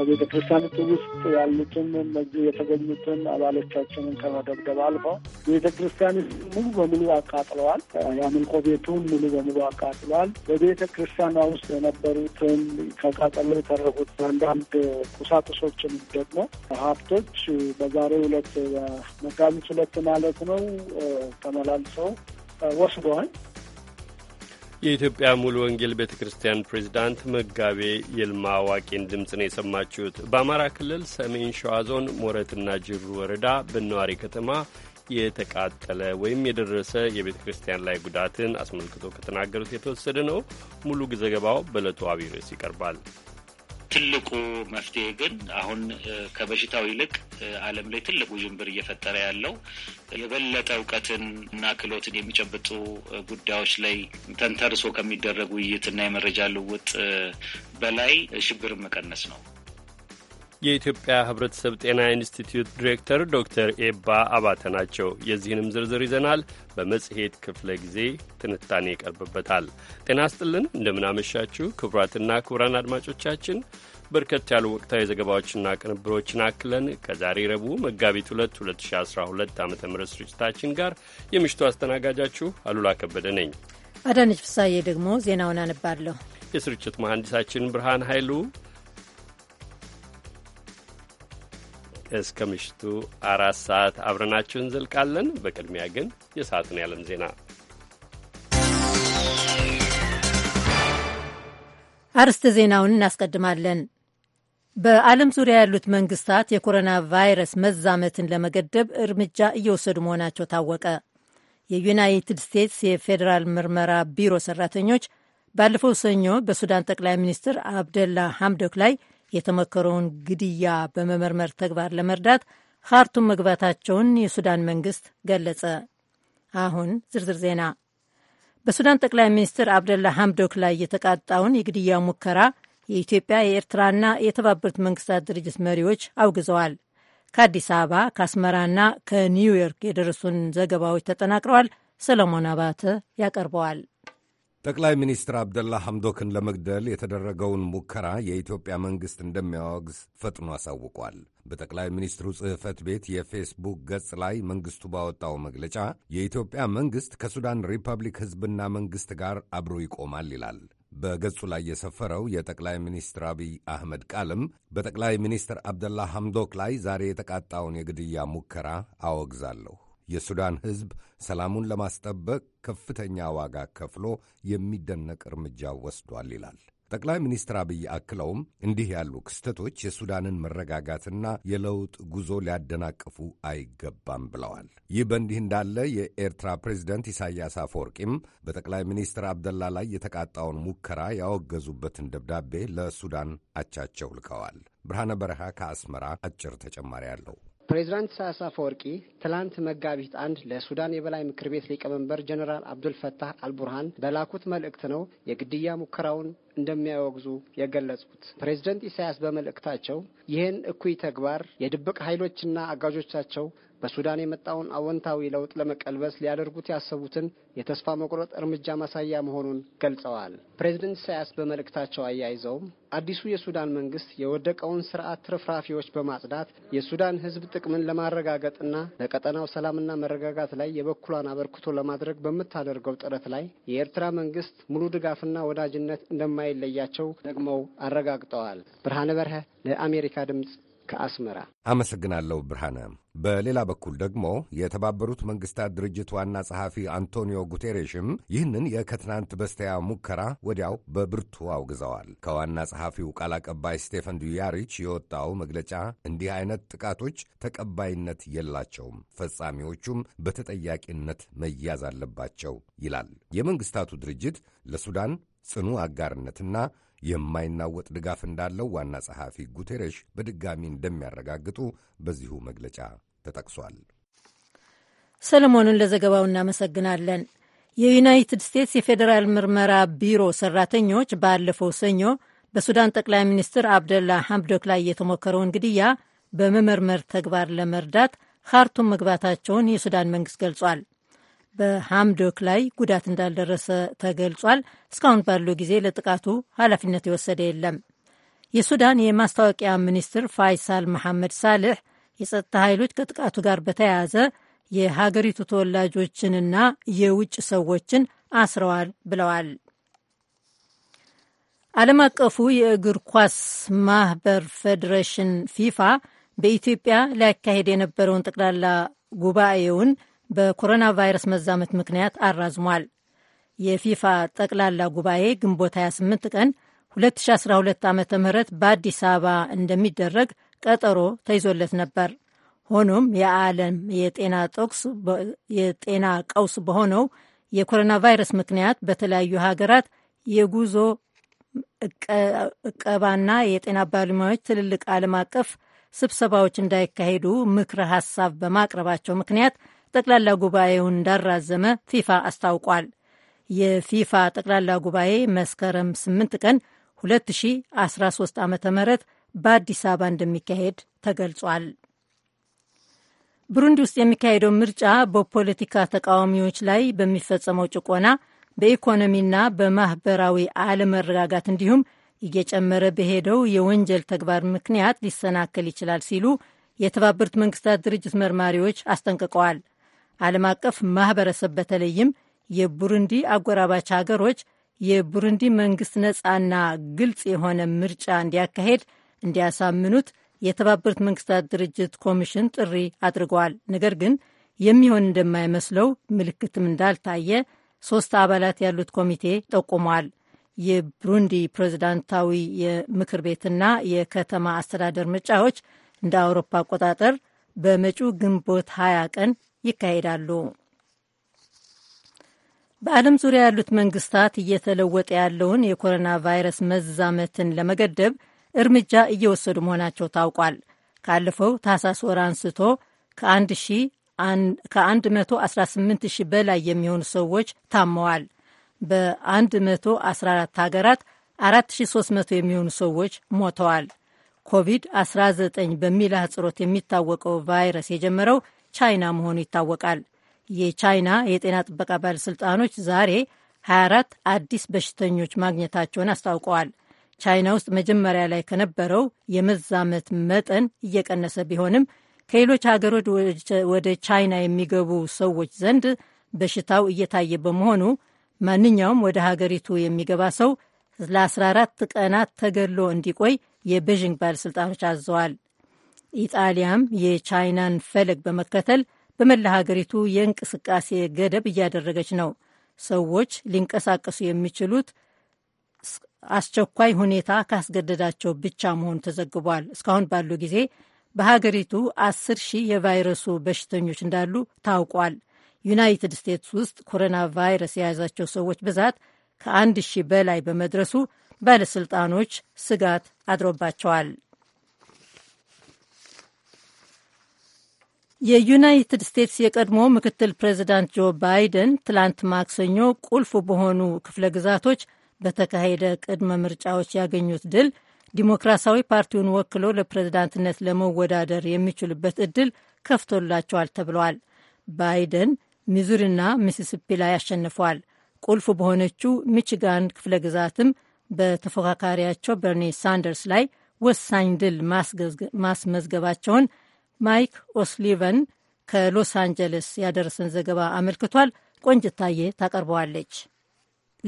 በቤተ ክርስቲያኒቱ ውስጥ ያሉትን እነዚህ የተገኙትን አባሎቻችንን ከመደብደብ አልፈው ቤተ ክርስቲያኒቱ ሙሉ በሙሉ አቃጥለዋል። የአምልኮ ቤቱን ሙሉ በሙሉ አቃጥለዋል። በቤተ ክርስቲያኗ ውስጥ የነበሩትን ከቃጠሎ የተረፉት አንዳንድ ቁሳቁሶችን ደግሞ ሀብቶች በዛሬ ሁለት መጋቢት ሁለት ማለት ነው ተመላልሰው ወስደዋል። የኢትዮጵያ ሙሉ ወንጌል ቤተ ክርስቲያን ፕሬዚዳንት መጋቤ የልማ ዋቄን ድምፅ ነው የሰማችሁት። በአማራ ክልል ሰሜን ሸዋ ዞን ሞረትና ጅሩ ወረዳ በነዋሪ ከተማ የተቃጠለ ወይም የደረሰ የቤተ ክርስቲያን ላይ ጉዳትን አስመልክቶ ከተናገሩት የተወሰደ ነው። ሙሉ ዘገባው በዕለቱ አብይ ርዕስ ይቀርባል። ትልቁ መፍትሄ ግን አሁን ከበሽታው ይልቅ ዓለም ላይ ትልቁ ዥንብር እየፈጠረ ያለው የበለጠ እውቀትን እና ክህሎትን የሚጨብጡ ጉዳዮች ላይ ተንተርሶ ከሚደረግ ውይይትና የመረጃ ልውውጥ በላይ ሽብርን መቀነስ ነው። የኢትዮጵያ ሕብረተሰብ ጤና ኢንስቲትዩት ዲሬክተር ዶክተር ኤባ አባተ ናቸው። የዚህንም ዝርዝር ይዘናል። በመጽሔት ክፍለ ጊዜ ትንታኔ ይቀርብበታል። ጤና ስጥልን፣ እንደምናመሻችሁ ክቡራትና ክቡራን አድማጮቻችን በርከት ያሉ ወቅታዊ ዘገባዎችና ቅንብሮችን አክለን ከዛሬ ረቡዕ መጋቢት 2 2012 ዓ ም ስርጭታችን ጋር የምሽቱ አስተናጋጃችሁ አሉላ ከበደ ነኝ። አዳነች ፍሳዬ ደግሞ ዜናውን አነባለሁ። የስርጭት መሐንዲሳችን ብርሃን ኃይሉ እስከ ምሽቱ አራት ሰዓት አብረናችሁ እንዘልቃለን። በቅድሚያ ግን የሰዓቱን ያለም ዜና አርስተ ዜናውን እናስቀድማለን። በዓለም ዙሪያ ያሉት መንግስታት የኮሮና ቫይረስ መዛመትን ለመገደብ እርምጃ እየወሰዱ መሆናቸው ታወቀ። የዩናይትድ ስቴትስ የፌዴራል ምርመራ ቢሮ ሰራተኞች ባለፈው ሰኞ በሱዳን ጠቅላይ ሚኒስትር አብደላ ሐምዶክ ላይ የተመከረውን ግድያ በመመርመር ተግባር ለመርዳት ካርቱም መግባታቸውን የሱዳን መንግስት ገለጸ። አሁን ዝርዝር ዜና። በሱዳን ጠቅላይ ሚኒስትር አብደላ ሐምዶክ ላይ የተቃጣውን የግድያ ሙከራ የኢትዮጵያ የኤርትራና የተባበሩት መንግስታት ድርጅት መሪዎች አውግዘዋል። ከአዲስ አበባ ከአስመራና ከኒውዮርክ የደረሱን ዘገባዎች ተጠናቅረዋል። ሰለሞን አባተ ያቀርበዋል። ጠቅላይ ሚኒስትር አብደላ ሐምዶክን ለመግደል የተደረገውን ሙከራ የኢትዮጵያ መንግሥት እንደሚያወግዝ ፈጥኖ አሳውቋል። በጠቅላይ ሚኒስትሩ ጽሕፈት ቤት የፌስቡክ ገጽ ላይ መንግሥቱ ባወጣው መግለጫ የኢትዮጵያ መንግሥት ከሱዳን ሪፐብሊክ ሕዝብና መንግሥት ጋር አብሮ ይቆማል ይላል። በገጹ ላይ የሰፈረው የጠቅላይ ሚኒስትር አብይ አህመድ ቃልም በጠቅላይ ሚኒስትር አብደላ ሐምዶክ ላይ ዛሬ የተቃጣውን የግድያ ሙከራ አወግዛለሁ የሱዳን ሕዝብ ሰላሙን ለማስጠበቅ ከፍተኛ ዋጋ ከፍሎ የሚደነቅ እርምጃ ወስዷል ይላል። ጠቅላይ ሚኒስትር አብይ አክለውም እንዲህ ያሉ ክስተቶች የሱዳንን መረጋጋትና የለውጥ ጉዞ ሊያደናቅፉ አይገባም ብለዋል። ይህ በእንዲህ እንዳለ የኤርትራ ፕሬዚደንት ኢሳያስ አፈወርቂም በጠቅላይ ሚኒስትር አብደላ ላይ የተቃጣውን ሙከራ ያወገዙበትን ደብዳቤ ለሱዳን አቻቸው ልከዋል። ብርሃነ በረሃ ከአስመራ አጭር ተጨማሪ አለው። ፕሬዚዳንት ኢሳያስ አፈወርቂ ትላንት መጋቢት አንድ ለሱዳን የበላይ ምክር ቤት ሊቀመንበር ጀኔራል አብዱልፈታህ አልቡርሃን በላኩት መልእክት ነው የግድያ ሙከራውን እንደሚያወግዙ የገለጹት። ፕሬዚደንት ኢሳያስ በመልእክታቸው ይህን እኩይ ተግባር የድብቅ ኃይሎችና አጋዦቻቸው በሱዳን የመጣውን አዎንታዊ ለውጥ ለመቀልበስ ሊያደርጉት ያሰቡትን የተስፋ መቁረጥ እርምጃ ማሳያ መሆኑን ገልጸዋል። ፕሬዝደንት ኢሳያስ በመልእክታቸው አያይዘውም አዲሱ የሱዳን መንግስት የወደቀውን ስርዓት ትርፍራፊዎች በማጽዳት የሱዳን ሕዝብ ጥቅምን ለማረጋገጥና በቀጠናው ሰላምና መረጋጋት ላይ የበኩሏን አበርክቶ ለማድረግ በምታደርገው ጥረት ላይ የኤርትራ መንግስት ሙሉ ድጋፍና ወዳጅነት እንደማይለያቸው ደግመው አረጋግጠዋል። ብርሃነ በርሀ ለአሜሪካ ድምጽ ከአስመራ አመሰግናለሁ ብርሃነ። በሌላ በኩል ደግሞ የተባበሩት መንግስታት ድርጅት ዋና ጸሐፊ አንቶኒዮ ጉቴሬሽም ይህንን የከትናንት በስቲያ ሙከራ ወዲያው በብርቱ አውግዘዋል። ከዋና ጸሐፊው ቃል አቀባይ ስቴፈን ዱያሪች የወጣው መግለጫ እንዲህ አይነት ጥቃቶች ተቀባይነት የላቸውም፣ ፈጻሚዎቹም በተጠያቂነት መያዝ አለባቸው ይላል። የመንግስታቱ ድርጅት ለሱዳን ጽኑ አጋርነትና የማይናወጥ ድጋፍ እንዳለው ዋና ጸሐፊ ጉቴሬሽ በድጋሚ እንደሚያረጋግጡ በዚሁ መግለጫ ተጠቅሷል። ሰለሞንን ለዘገባው እናመሰግናለን። የዩናይትድ ስቴትስ የፌዴራል ምርመራ ቢሮ ሰራተኞች ባለፈው ሰኞ በሱዳን ጠቅላይ ሚኒስትር አብደላ ሐምዶክ ላይ የተሞከረውን ግድያ በመመርመር ተግባር ለመርዳት ካርቱም መግባታቸውን የሱዳን መንግስት ገልጿል። በሃምዶክ ላይ ጉዳት እንዳልደረሰ ተገልጿል። እስካሁን ባለው ጊዜ ለጥቃቱ ኃላፊነት የወሰደ የለም። የሱዳን የማስታወቂያ ሚኒስትር ፋይሳል መሐመድ ሳልሕ የጸጥታ ኃይሎች ከጥቃቱ ጋር በተያያዘ የሀገሪቱ ተወላጆችንና የውጭ ሰዎችን አስረዋል ብለዋል። ዓለም አቀፉ የእግር ኳስ ማህበር ፌዴሬሽን ፊፋ በኢትዮጵያ ሊያካሄድ የነበረውን ጠቅላላ ጉባኤውን በኮሮና ቫይረስ መዛመት ምክንያት አራዝሟል። የፊፋ ጠቅላላ ጉባኤ ግንቦት 28 ቀን 2012 ዓ ም በአዲስ አበባ እንደሚደረግ ቀጠሮ ተይዞለት ነበር። ሆኖም የዓለም የጤና ቀውስ በሆነው የኮሮና ቫይረስ ምክንያት በተለያዩ ሀገራት የጉዞ እቀባና የጤና ባለሙያዎች ትልልቅ ዓለም አቀፍ ስብሰባዎች እንዳይካሄዱ ምክረ ሀሳብ በማቅረባቸው ምክንያት ጠቅላላ ጉባኤውን እንዳራዘመ ፊፋ አስታውቋል። የፊፋ ጠቅላላ ጉባኤ መስከረም 8 ቀን 2013 ዓ ም በአዲስ አበባ እንደሚካሄድ ተገልጿል። ብሩንዲ ውስጥ የሚካሄደው ምርጫ በፖለቲካ ተቃዋሚዎች ላይ በሚፈጸመው ጭቆና፣ በኢኮኖሚና በማኅበራዊ አለመረጋጋት እንዲሁም እየጨመረ በሄደው የወንጀል ተግባር ምክንያት ሊሰናከል ይችላል ሲሉ የተባበሩት መንግስታት ድርጅት መርማሪዎች አስጠንቅቀዋል። ዓለም አቀፍ ማህበረሰብ በተለይም የቡሩንዲ አጎራባች ሀገሮች የቡሩንዲ መንግስት ነፃና ግልጽ የሆነ ምርጫ እንዲያካሄድ እንዲያሳምኑት የተባበሩት መንግስታት ድርጅት ኮሚሽን ጥሪ አድርገዋል። ነገር ግን የሚሆን እንደማይመስለው ምልክትም እንዳልታየ ሶስት አባላት ያሉት ኮሚቴ ጠቁሟል። የብሩንዲ ፕሬዝዳንታዊ የምክር ቤትና የከተማ አስተዳደር ምርጫዎች እንደ አውሮፓ አቆጣጠር በመጪው ግንቦት 20 ቀን ይካሄዳሉ። በዓለም ዙሪያ ያሉት መንግስታት እየተለወጠ ያለውን የኮሮና ቫይረስ መዛመትን ለመገደብ እርምጃ እየወሰዱ መሆናቸው ታውቋል። ካለፈው ታህሳስ ወር አንስቶ ከ118 ሺህ በላይ የሚሆኑ ሰዎች ታመዋል። በ114 ሀገራት 4300 የሚሆኑ ሰዎች ሞተዋል። ኮቪድ-19 በሚል አህጽሮት የሚታወቀው ቫይረስ የጀመረው ቻይና መሆኑ ይታወቃል። የቻይና የጤና ጥበቃ ባለሥልጣኖች ዛሬ 24 አዲስ በሽተኞች ማግኘታቸውን አስታውቀዋል። ቻይና ውስጥ መጀመሪያ ላይ ከነበረው የመዛመት መጠን እየቀነሰ ቢሆንም ከሌሎች ሀገሮች ወደ ቻይና የሚገቡ ሰዎች ዘንድ በሽታው እየታየ በመሆኑ ማንኛውም ወደ ሀገሪቱ የሚገባ ሰው ለ14 ቀናት ተገሎ እንዲቆይ የቤዥንግ ባለሥልጣኖች አዘዋል። ኢጣሊያም የቻይናን ፈለግ በመከተል በመላ ሀገሪቱ የእንቅስቃሴ ገደብ እያደረገች ነው። ሰዎች ሊንቀሳቀሱ የሚችሉት አስቸኳይ ሁኔታ ካስገደዳቸው ብቻ መሆኑ ተዘግቧል። እስካሁን ባለው ጊዜ በሀገሪቱ አስር ሺህ የቫይረሱ በሽተኞች እንዳሉ ታውቋል። ዩናይትድ ስቴትስ ውስጥ ኮሮና ቫይረስ የያዛቸው ሰዎች ብዛት ከአንድ ሺህ በላይ በመድረሱ ባለሥልጣኖች ስጋት አድሮባቸዋል። የዩናይትድ ስቴትስ የቀድሞ ምክትል ፕሬዚዳንት ጆ ባይደን ትላንት ማክሰኞ ቁልፍ በሆኑ ክፍለ ግዛቶች በተካሄደ ቅድመ ምርጫዎች ያገኙት ድል ዲሞክራሲያዊ ፓርቲውን ወክሎ ለፕሬዝዳንትነት ለመወዳደር የሚችሉበት እድል ከፍቶላቸዋል ተብለዋል። ባይደን ሚዙሪና ሚሲሲፒ ላይ አሸንፈዋል። ቁልፍ በሆነችው ሚችጋን ክፍለ ግዛትም በተፎካካሪያቸው በርኒ ሳንደርስ ላይ ወሳኝ ድል ማስመዝገባቸውን ማይክ ኦስሊቨን ከሎስ አንጀለስ ያደረሰን ዘገባ አመልክቷል። ቆንጅታዬ ታቀርበዋለች።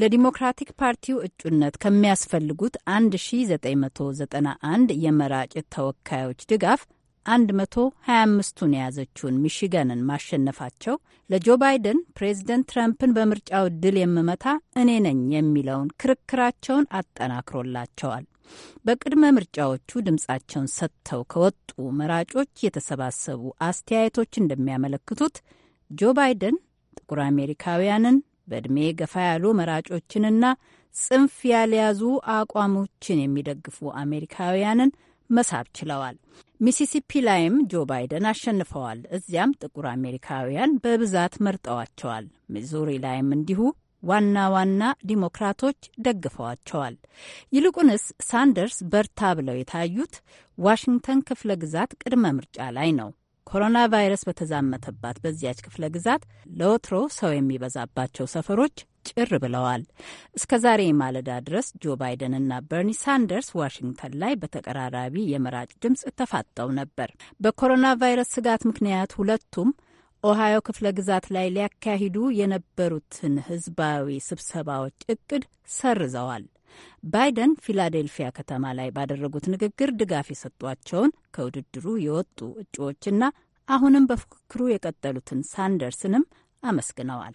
ለዲሞክራቲክ ፓርቲው እጩነት ከሚያስፈልጉት 1991 የመራጭ ተወካዮች ድጋፍ 125ቱን የያዘችውን ሚሽጋንን ማሸነፋቸው ለጆ ባይደን ፕሬዝደንት ትራምፕን በምርጫው ድል የምመታ እኔ ነኝ የሚለውን ክርክራቸውን አጠናክሮላቸዋል። በቅድመ ምርጫዎቹ ድምፃቸውን ሰጥተው ከወጡ መራጮች የተሰባሰቡ አስተያየቶች እንደሚያመለክቱት ጆ ባይደን ጥቁር አሜሪካውያንን፣ በዕድሜ ገፋ ያሉ መራጮችንና ጽንፍ ያልያዙ አቋሞችን የሚደግፉ አሜሪካውያንን መሳብ ችለዋል። ሚሲሲፒ ላይም ጆ ባይደን አሸንፈዋል። እዚያም ጥቁር አሜሪካውያን በብዛት መርጠዋቸዋል። ሚዙሪ ላይም እንዲሁ ዋና ዋና ዲሞክራቶች ደግፈዋቸዋል። ይልቁንስ ሳንደርስ በርታ ብለው የታዩት ዋሽንግተን ክፍለ ግዛት ቅድመ ምርጫ ላይ ነው። ኮሮና ቫይረስ በተዛመተባት በዚያች ክፍለ ግዛት ለወትሮ ሰው የሚበዛባቸው ሰፈሮች ጭር ብለዋል። እስከ ዛሬ ማለዳ ድረስ ጆ ባይደን እና በርኒ ሳንደርስ ዋሽንግተን ላይ በተቀራራቢ የመራጭ ድምፅ ተፋጠው ነበር። በኮሮና ቫይረስ ስጋት ምክንያት ሁለቱም ኦሃዮ ክፍለ ግዛት ላይ ሊያካሂዱ የነበሩትን ህዝባዊ ስብሰባዎች እቅድ ሰርዘዋል። ባይደን ፊላዴልፊያ ከተማ ላይ ባደረጉት ንግግር ድጋፍ የሰጧቸውን ከውድድሩ የወጡ እጩዎችና አሁንም በፉክክሩ የቀጠሉትን ሳንደርስንም አመስግነዋል።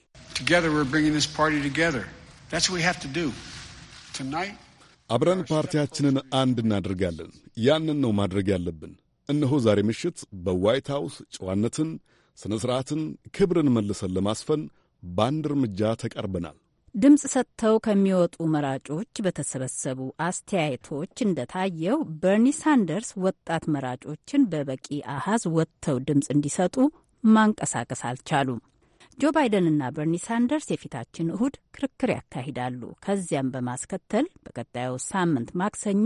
አብረን ፓርቲያችንን አንድ እናደርጋለን። ያንን ነው ማድረግ ያለብን። እነሆ ዛሬ ምሽት በዋይት ሀውስ ጨዋነትን ሥነ ሥርዓትን፣ ክብርን መልሰን ለማስፈን በአንድ እርምጃ ተቃርበናል። ድምፅ ሰጥተው ከሚወጡ መራጮች በተሰበሰቡ አስተያየቶች እንደታየው በርኒ ሳንደርስ ወጣት መራጮችን በበቂ አሃዝ ወጥተው ድምፅ እንዲሰጡ ማንቀሳቀስ አልቻሉም። ጆ ባይደንና በርኒ ሳንደርስ የፊታችን እሁድ ክርክር ያካሂዳሉ። ከዚያም በማስከተል በቀጣዩ ሳምንት ማክሰኞ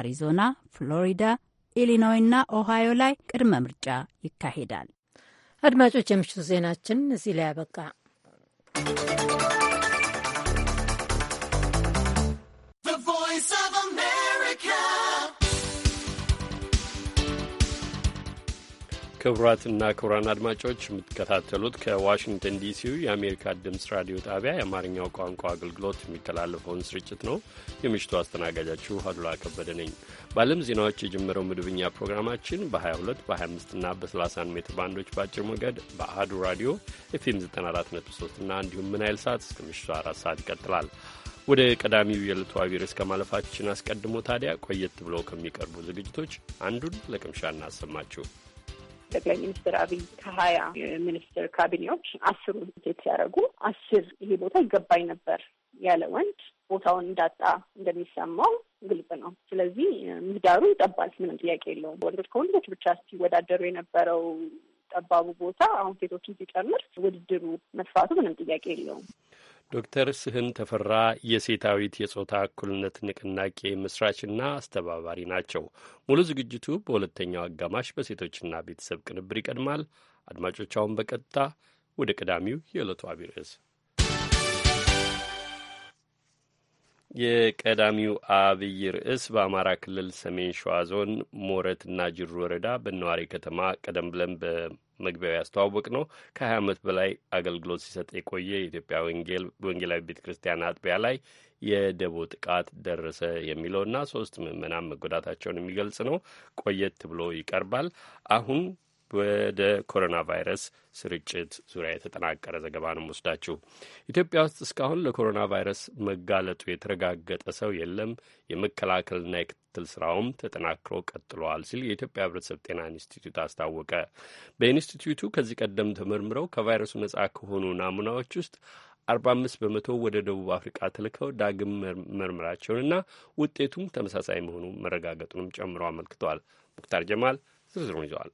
አሪዞና፣ ፍሎሪዳ፣ ኢሊኖይና ኦሃዮ ላይ ቅድመ ምርጫ ይካሄዳል። አድማጮች፣ የምሽቱ ዜናችን እዚህ ላይ ያበቃ። ክቡራትና ክቡራን አድማጮች የምትከታተሉት ከዋሽንግተን ዲሲው የአሜሪካ ድምፅ ራዲዮ ጣቢያ የአማርኛው ቋንቋ አገልግሎት የሚተላለፈውን ስርጭት ነው። የምሽቱ አስተናጋጃችሁ አሉላ ከበደ ነኝ። በዓለም ዜናዎች የጀመረው መደበኛ ፕሮግራማችን በ22 በ25ና በ31 ሜትር ባንዶች በአጭር ሞገድ በአህዱ ራዲዮ ኤፍኤም 94.3 እና እንዲሁም ናይል ሰዓት እስከ ምሽቱ አራት ሰዓት ይቀጥላል። ወደ ቀዳሚው የዕለቱ አቢር እስከ ማለፋችን አስቀድሞ ታዲያ ቆየት ብለው ከሚቀርቡ ዝግጅቶች አንዱን ለቅምሻ እናሰማችሁ። ጠቅላይ ሚኒስትር አብይ ከሀያ ሚኒስትር ካቢኔዎች አስሩን ሴት ሲያደርጉ አስር ይሄ ቦታ ይገባኝ ነበር ያለ ወንድ ቦታውን እንዳጣ እንደሚሰማው ግልጽ ነው። ስለዚህ ምህዳሩ ይጠባል፣ ምንም ጥያቄ የለውም። ወንዶች ከወንዶች ብቻ ሲወዳደሩ የነበረው ጠባቡ ቦታ አሁን ሴቶችን ሲጨምር ውድድሩ መስፋቱ ምንም ጥያቄ የለውም። ዶክተር ስህን ተፈራ የሴታዊት የጾታ እኩልነት ንቅናቄ መስራችና አስተባባሪ ናቸው። ሙሉ ዝግጅቱ በሁለተኛው አጋማሽ በሴቶችና ቤተሰብ ቅንብር ይቀድማል። አድማጮች፣ አሁን በቀጥታ ወደ ቀዳሚው የዕለቱ አቢይ ርዕስ የቀዳሚው አብይ ርዕስ በአማራ ክልል ሰሜን ሸዋ ዞን ሞረትና ጅሩ ወረዳ በነዋሪ ከተማ ቀደም ብለን መግቢያው ያስተዋወቅ ነው ከ20 ዓመት በላይ አገልግሎት ሲሰጥ የቆየ የኢትዮጵያ ወንጌላዊ ቤተ ክርስቲያን አጥቢያ ላይ የደቦ ጥቃት ደረሰ የሚለውና ሶስት ምዕመናን መጎዳታቸውን የሚገልጽ ነው። ቆየት ብሎ ይቀርባል አሁን ወደ ኮሮና ቫይረስ ስርጭት ዙሪያ የተጠናቀረ ዘገባ ነው ወስዳችሁ። ኢትዮጵያ ውስጥ እስካሁን ለኮሮና ቫይረስ መጋለጡ የተረጋገጠ ሰው የለም። የመከላከልና የክትትል ስራውም ተጠናክሮ ቀጥሏል ሲል የኢትዮጵያ ሕብረተሰብ ጤና ኢንስቲትዩት አስታወቀ። በኢንስቲትዩቱ ከዚህ ቀደም ተመርምረው ከቫይረሱ ነጻ ከሆኑ ናሙናዎች ውስጥ 45 በመቶ ወደ ደቡብ አፍሪቃ ተልከው ዳግም መርምራቸውንና ውጤቱም ተመሳሳይ መሆኑ መረጋገጡንም ጨምሮ አመልክተዋል። ሙክታር ጀማል ዝርዝሩን ይዘዋል።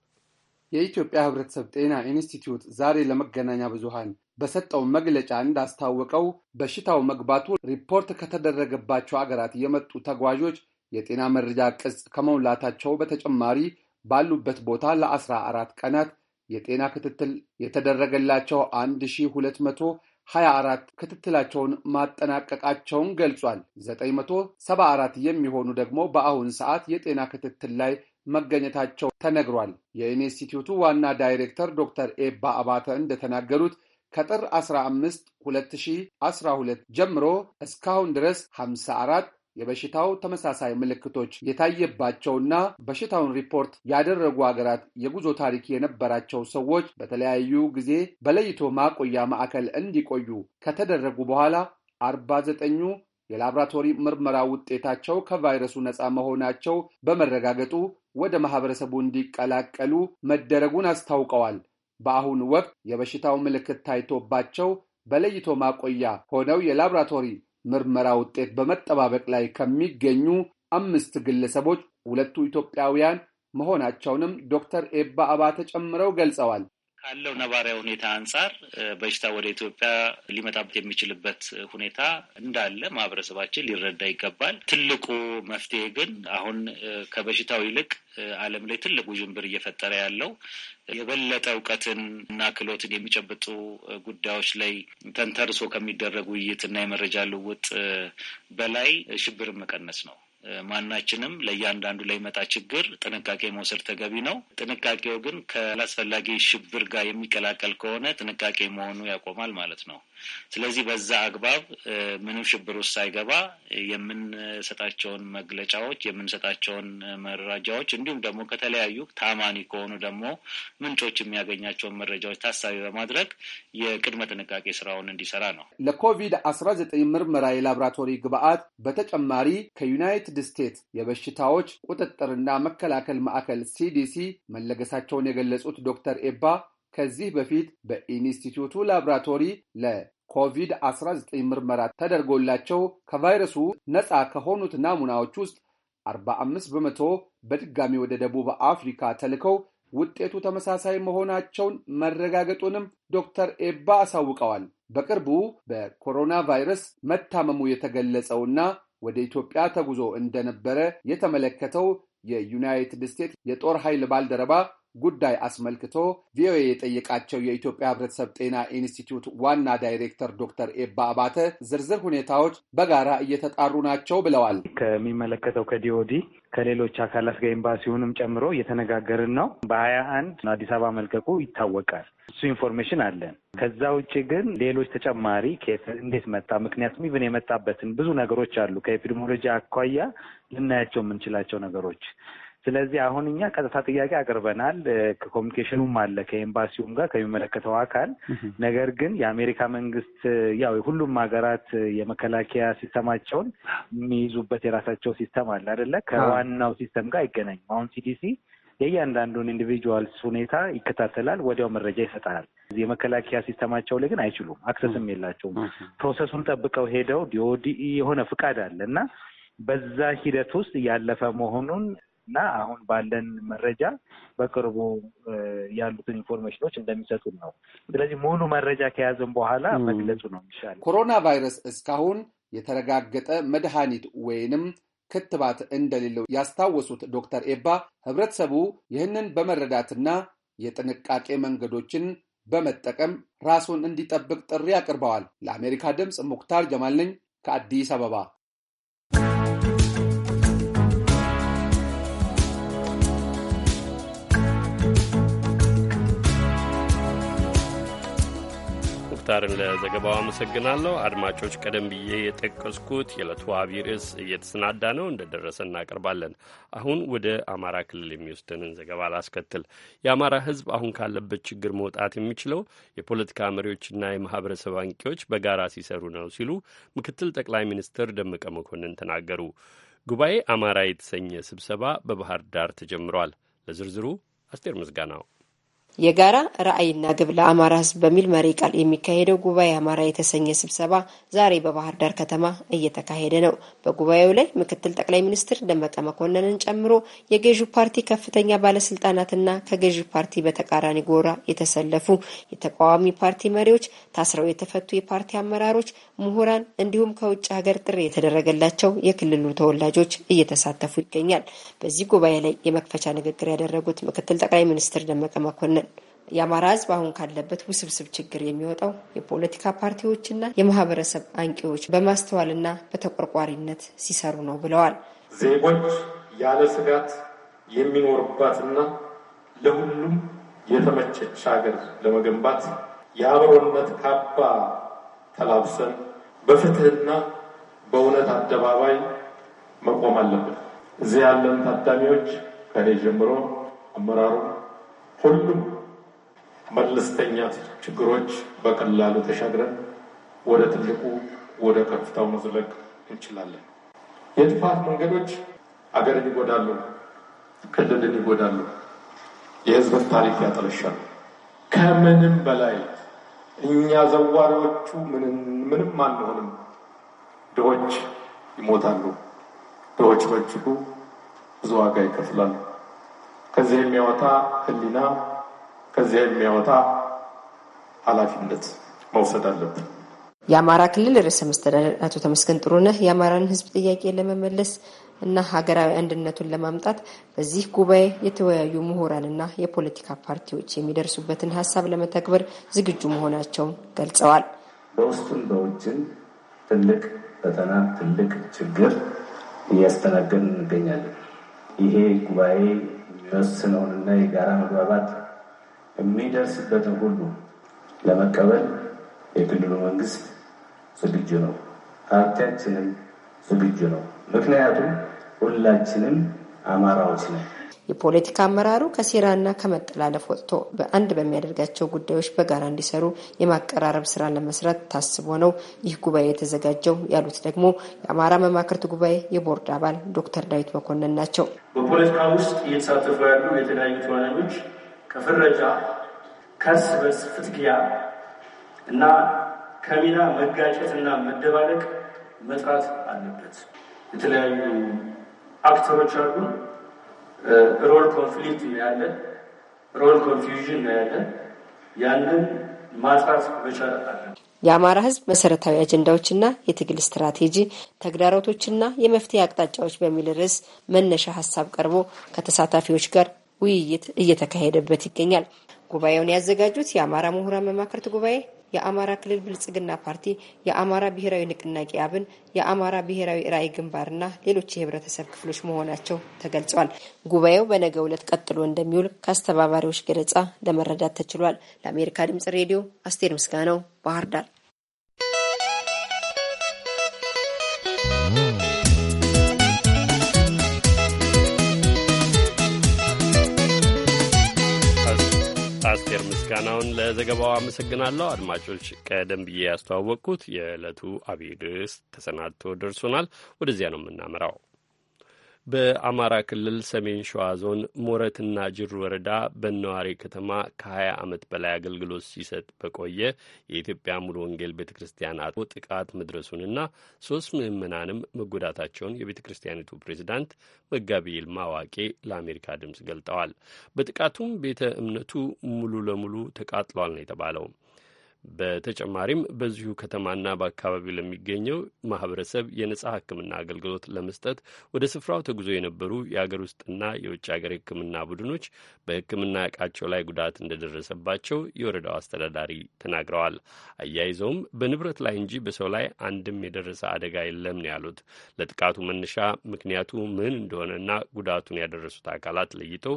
የኢትዮጵያ ሕብረተሰብ ጤና ኢንስቲትዩት ዛሬ ለመገናኛ ብዙሃን በሰጠው መግለጫ እንዳስታወቀው በሽታው መግባቱ ሪፖርት ከተደረገባቸው አገራት የመጡ ተጓዦች የጤና መረጃ ቅጽ ከመሙላታቸው በተጨማሪ ባሉበት ቦታ ለአስራ አራት ቀናት የጤና ክትትል የተደረገላቸው 1224 ክትትላቸውን ማጠናቀቃቸውን ገልጿል። 974 የሚሆኑ ደግሞ በአሁን ሰዓት የጤና ክትትል ላይ መገኘታቸው ተነግሯል። የኢንስቲትዩቱ ዋና ዳይሬክተር ዶክተር ኤባ አባተ እንደተናገሩት ከጥር 15 2012 ጀምሮ እስካሁን ድረስ 54 የበሽታው ተመሳሳይ ምልክቶች የታየባቸውና በሽታውን ሪፖርት ያደረጉ ሀገራት የጉዞ ታሪክ የነበራቸው ሰዎች በተለያዩ ጊዜ በለይቶ ማቆያ ማዕከል እንዲቆዩ ከተደረጉ በኋላ 49ኙ የላብራቶሪ ምርመራ ውጤታቸው ከቫይረሱ ነፃ መሆናቸው በመረጋገጡ ወደ ማህበረሰቡ እንዲቀላቀሉ መደረጉን አስታውቀዋል። በአሁኑ ወቅት የበሽታው ምልክት ታይቶባቸው በለይቶ ማቆያ ሆነው የላብራቶሪ ምርመራ ውጤት በመጠባበቅ ላይ ከሚገኙ አምስት ግለሰቦች ሁለቱ ኢትዮጵያውያን መሆናቸውንም ዶክተር ኤባ አባተ ጨምረው ገልጸዋል። ካለው ነባሪያ ሁኔታ አንጻር በሽታ ወደ ኢትዮጵያ ሊመጣበት የሚችልበት ሁኔታ እንዳለ ማህበረሰባችን ሊረዳ ይገባል። ትልቁ መፍትሄ ግን አሁን ከበሽታው ይልቅ ዓለም ላይ ትልቅ ውዥንብር እየፈጠረ ያለው የበለጠ እውቀትን እና ክህሎትን የሚጨብጡ ጉዳዮች ላይ ተንተርሶ ከሚደረግ ውይይት እና የመረጃ ልውውጥ በላይ ሽብርን መቀነስ ነው። ማናችንም ለእያንዳንዱ ለሚመጣ ችግር ጥንቃቄ መውሰድ ተገቢ ነው። ጥንቃቄው ግን ከላስፈላጊ ሽብር ጋር የሚቀላቀል ከሆነ ጥንቃቄ መሆኑ ያቆማል ማለት ነው። ስለዚህ በዛ አግባብ ምንም ሽብር ውስጥ ሳይገባ የምንሰጣቸውን መግለጫዎች የምንሰጣቸውን መረጃዎች እንዲሁም ደግሞ ከተለያዩ ታማኒ ከሆኑ ደግሞ ምንጮች የሚያገኛቸውን መረጃዎች ታሳቢ በማድረግ የቅድመ ጥንቃቄ ስራውን እንዲሰራ ነው። ለኮቪድ አስራ ዘጠኝ ምርመራ የላቦራቶሪ ግብአት በተጨማሪ ከዩናይትድ ስቴትስ የበሽታዎች ቁጥጥርና መከላከል ማዕከል ሲዲሲ መለገሳቸውን የገለጹት ዶክተር ኤባ ከዚህ በፊት በኢንስቲትዩቱ ላብራቶሪ ለኮቪድ-19 ምርመራ ተደርጎላቸው ከቫይረሱ ነፃ ከሆኑት ናሙናዎች ውስጥ 45 በመቶ በድጋሚ ወደ ደቡብ አፍሪካ ተልከው ውጤቱ ተመሳሳይ መሆናቸውን መረጋገጡንም ዶክተር ኤባ አሳውቀዋል። በቅርቡ በኮሮና ቫይረስ መታመሙ የተገለጸውና ወደ ኢትዮጵያ ተጉዞ እንደነበረ የተመለከተው የዩናይትድ ስቴትስ የጦር ኃይል ባልደረባ ጉዳይ አስመልክቶ ቪኦኤ የጠየቃቸው የኢትዮጵያ ሕብረተሰብ ጤና ኢንስቲትዩት ዋና ዳይሬክተር ዶክተር ኤባ አባተ ዝርዝር ሁኔታዎች በጋራ እየተጣሩ ናቸው ብለዋል። ከሚመለከተው ከዲኦዲ ከሌሎች አካላት ጋር ኤምባሲውንም ጨምሮ እየተነጋገርን ነው። በሀያ አንድ አዲስ አበባ መልቀቁ ይታወቃል። እሱ ኢንፎርሜሽን አለን። ከዛ ውጭ ግን ሌሎች ተጨማሪ ኬስ እንዴት መጣ፣ ምክንያቱም ኢቨን የመጣበትን ብዙ ነገሮች አሉ። ከኤፒዲሞሎጂ አኳያ ልናያቸው የምንችላቸው ነገሮች ስለዚህ አሁን እኛ ቀጥታ ጥያቄ አቅርበናል። ከኮሚኒኬሽኑም አለ ከኤምባሲውም ጋር ከሚመለከተው አካል። ነገር ግን የአሜሪካ መንግስት ያው ሁሉም ሀገራት የመከላከያ ሲስተማቸውን የሚይዙበት የራሳቸው ሲስተም አለ አደለ? ከዋናው ሲስተም ጋር አይገናኝም። አሁን ሲዲሲ የእያንዳንዱን ኢንዲቪጁዋልስ ሁኔታ ይከታተላል፣ ወዲያው መረጃ ይሰጣል። የመከላከያ ሲስተማቸው ላይ ግን አይችሉም፣ አክሰስም የላቸውም። ፕሮሰሱን ጠብቀው ሄደው ዲኦዲ የሆነ ፍቃድ አለ እና በዛ ሂደት ውስጥ ያለፈ መሆኑን እና አሁን ባለን መረጃ በቅርቡ ያሉትን ኢንፎርሜሽኖች እንደሚሰጡን ነው። ስለዚህ ሙሉ መረጃ ከያዘን በኋላ መግለጹ ነው የሚሻለው። ኮሮና ቫይረስ እስካሁን የተረጋገጠ መድኃኒት ወይንም ክትባት እንደሌለው ያስታወሱት ዶክተር ኤባ ህብረተሰቡ ይህንን በመረዳትና የጥንቃቄ መንገዶችን በመጠቀም ራሱን እንዲጠብቅ ጥሪ አቅርበዋል። ለአሜሪካ ድምፅ ሙክታር ጀማል ነኝ ከአዲስ አበባ። ሙክታርን ለዘገባው አመሰግናለሁ። አድማጮች፣ ቀደም ብዬ የጠቀስኩት የዕለቱ አብይ ርዕስ እየተሰናዳ ነው፣ እንደደረሰ እናቀርባለን። አሁን ወደ አማራ ክልል የሚወስደንን ዘገባ ላስከትል። የአማራ ሕዝብ አሁን ካለበት ችግር መውጣት የሚችለው የፖለቲካ መሪዎችና የማህበረሰብ አንቂዎች በጋራ ሲሰሩ ነው ሲሉ ምክትል ጠቅላይ ሚኒስትር ደመቀ መኮንን ተናገሩ። ጉባኤ አማራ የተሰኘ ስብሰባ በባህር ዳር ተጀምሯል። ለዝርዝሩ አስቴር ምስጋናው የጋራ ራዕይና ግብ ለአማራ ህዝብ በሚል መሪ ቃል የሚካሄደው ጉባኤ አማራ የተሰኘ ስብሰባ ዛሬ በባህር ዳር ከተማ እየተካሄደ ነው። በጉባኤው ላይ ምክትል ጠቅላይ ሚኒስትር ደመቀ መኮንንን ጨምሮ የገዢው ፓርቲ ከፍተኛ ባለስልጣናትና ከገዢው ፓርቲ በተቃራኒ ጎራ የተሰለፉ የተቃዋሚ ፓርቲ መሪዎች፣ ታስረው የተፈቱ የፓርቲ አመራሮች፣ ምሁራን እንዲሁም ከውጭ ሀገር ጥሪ የተደረገላቸው የክልሉ ተወላጆች እየተሳተፉ ይገኛል። በዚህ ጉባኤ ላይ የመክፈቻ ንግግር ያደረጉት ምክትል ጠቅላይ ሚኒስትር ደመቀ መኮንን የአማራ ህዝብ አሁን ካለበት ውስብስብ ችግር የሚወጣው የፖለቲካ ፓርቲዎችና የማህበረሰብ አንቂዎች በማስተዋልና በተቆርቋሪነት ሲሰሩ ነው ብለዋል። ዜጎች ያለ ስጋት የሚኖርባትና ለሁሉም የተመቸች ሀገር ለመገንባት የአብሮነት ካባ ተላብሰን በፍትህና በእውነት አደባባይ መቆም አለብን። እዚህ ያለን ታዳሚዎች ከኔ ጀምሮ አመራሩ ሁሉም መለስተኛ ችግሮች በቀላሉ ተሻግረን ወደ ትልቁ ወደ ከፍታው መዝለቅ እንችላለን። የጥፋት መንገዶች አገርን ይጎዳሉ፣ ክልልን ይጎዳሉ፣ የህዝብን ታሪክ ያጠለሻሉ። ከምንም በላይ እኛ ዘዋሪዎቹ ምንም አንሆንም። ድሆች ይሞታሉ፣ ድሆች በእጅጉ ብዙ ዋጋ ይከፍላሉ። ከዚህ የሚያወጣ ህሊና ከዚያ የሚያወጣ ኃላፊነት መውሰድ አለብን። የአማራ ክልል ርዕሰ መስተዳደር አቶ ተመስገን ጥሩነህ የአማራን ሕዝብ ጥያቄ ለመመለስ እና ሀገራዊ አንድነቱን ለማምጣት በዚህ ጉባኤ የተወያዩ ምሁራንና የፖለቲካ ፓርቲዎች የሚደርሱበትን ሀሳብ ለመተግበር ዝግጁ መሆናቸውን ገልጸዋል። በውስጡን በውጭን ትልቅ ፈተና፣ ትልቅ ችግር እያስተናገድን እንገኛለን። ይሄ ጉባኤ የሚወስነውንና የጋራ መግባባት የሚደርስበትን ሁሉ ለመቀበል የክልሉ መንግስት ዝግጁ ነው። ፓርቲያችንም ዝግጁ ነው። ምክንያቱም ሁላችንም አማራዎች ነው። የፖለቲካ አመራሩ ከሴራና ከመጠላለፍ ወጥቶ በአንድ በሚያደርጋቸው ጉዳዮች በጋራ እንዲሰሩ የማቀራረብ ስራ ለመስራት ታስቦ ነው ይህ ጉባኤ የተዘጋጀው ያሉት ደግሞ የአማራ መማክርት ጉባኤ የቦርድ አባል ዶክተር ዳዊት መኮንን ናቸው። በፖለቲካ ውስጥ እየተሳተፉ ያሉ የተለያዩ ተዋናኞች ከፍረጃ፣ ከእርስ በርስ ፍትጊያ እና ከሚና መጋጨትና መደባለቅ መጥራት አለበት። የተለያዩ አክተሮች አሉ። ሮል ኮንፍሊክት እናያለን፣ ሮል ኮንፊውዥን እናያለን። ያንን ማጥራት መቻል አለ የአማራ ሕዝብ መሰረታዊ አጀንዳዎችና የትግል ስትራቴጂ ተግዳሮቶችና የመፍትሄ አቅጣጫዎች በሚል ርዕስ መነሻ ሀሳብ ቀርቦ ከተሳታፊዎች ጋር ውይይት እየተካሄደበት ይገኛል። ጉባኤውን ያዘጋጁት የአማራ ምሁራን መማክርት ጉባኤ፣ የአማራ ክልል ብልጽግና ፓርቲ፣ የአማራ ብሔራዊ ንቅናቄ አብን፣ የአማራ ብሔራዊ ራዕይ ግንባርና ሌሎች የህብረተሰብ ክፍሎች መሆናቸው ተገልጿል። ጉባኤው በነገ ዕለት ቀጥሎ እንደሚውል ከአስተባባሪዎች ገለጻ ለመረዳት ተችሏል። ለአሜሪካ ድምጽ ሬዲዮ አስቴር ምስጋናው ባህር ዳር። ምስጋናውን ለዘገባው አመሰግናለሁ። አድማጮች፣ ቀደም ብዬ ያስተዋወቅኩት የዕለቱ አብይ ርዕስ ተሰናድቶ ደርሶናል። ወደዚያ ነው የምናመራው። በአማራ ክልል ሰሜን ሸዋ ዞን ሞረትና ጅሩ ወረዳ በነዋሪ ከተማ ከ20 ዓመት በላይ አገልግሎት ሲሰጥ በቆየ የኢትዮጵያ ሙሉ ወንጌል ቤተ ክርስቲያን አጥቦ ጥቃት መድረሱንና ሶስት ምዕመናንም መጎዳታቸውን የቤተ ክርስቲያኒቱ ፕሬዚዳንት መጋቢ ይልማ ዋቄ ለአሜሪካ ድምፅ ገልጠዋል። በጥቃቱም ቤተ እምነቱ ሙሉ ለሙሉ ተቃጥሏል ነው የተባለው። በተጨማሪም በዚሁ ከተማና በአካባቢው ለሚገኘው ማህበረሰብ የነጻ ሕክምና አገልግሎት ለመስጠት ወደ ስፍራው ተጉዞ የነበሩ የአገር ውስጥና የውጭ ሀገር ሕክምና ቡድኖች በሕክምና እቃቸው ላይ ጉዳት እንደደረሰባቸው የወረዳው አስተዳዳሪ ተናግረዋል። አያይዘውም በንብረት ላይ እንጂ በሰው ላይ አንድም የደረሰ አደጋ የለም ነው ያሉት። ለጥቃቱ መነሻ ምክንያቱ ምን እንደሆነና ጉዳቱን ያደረሱት አካላት ለይተው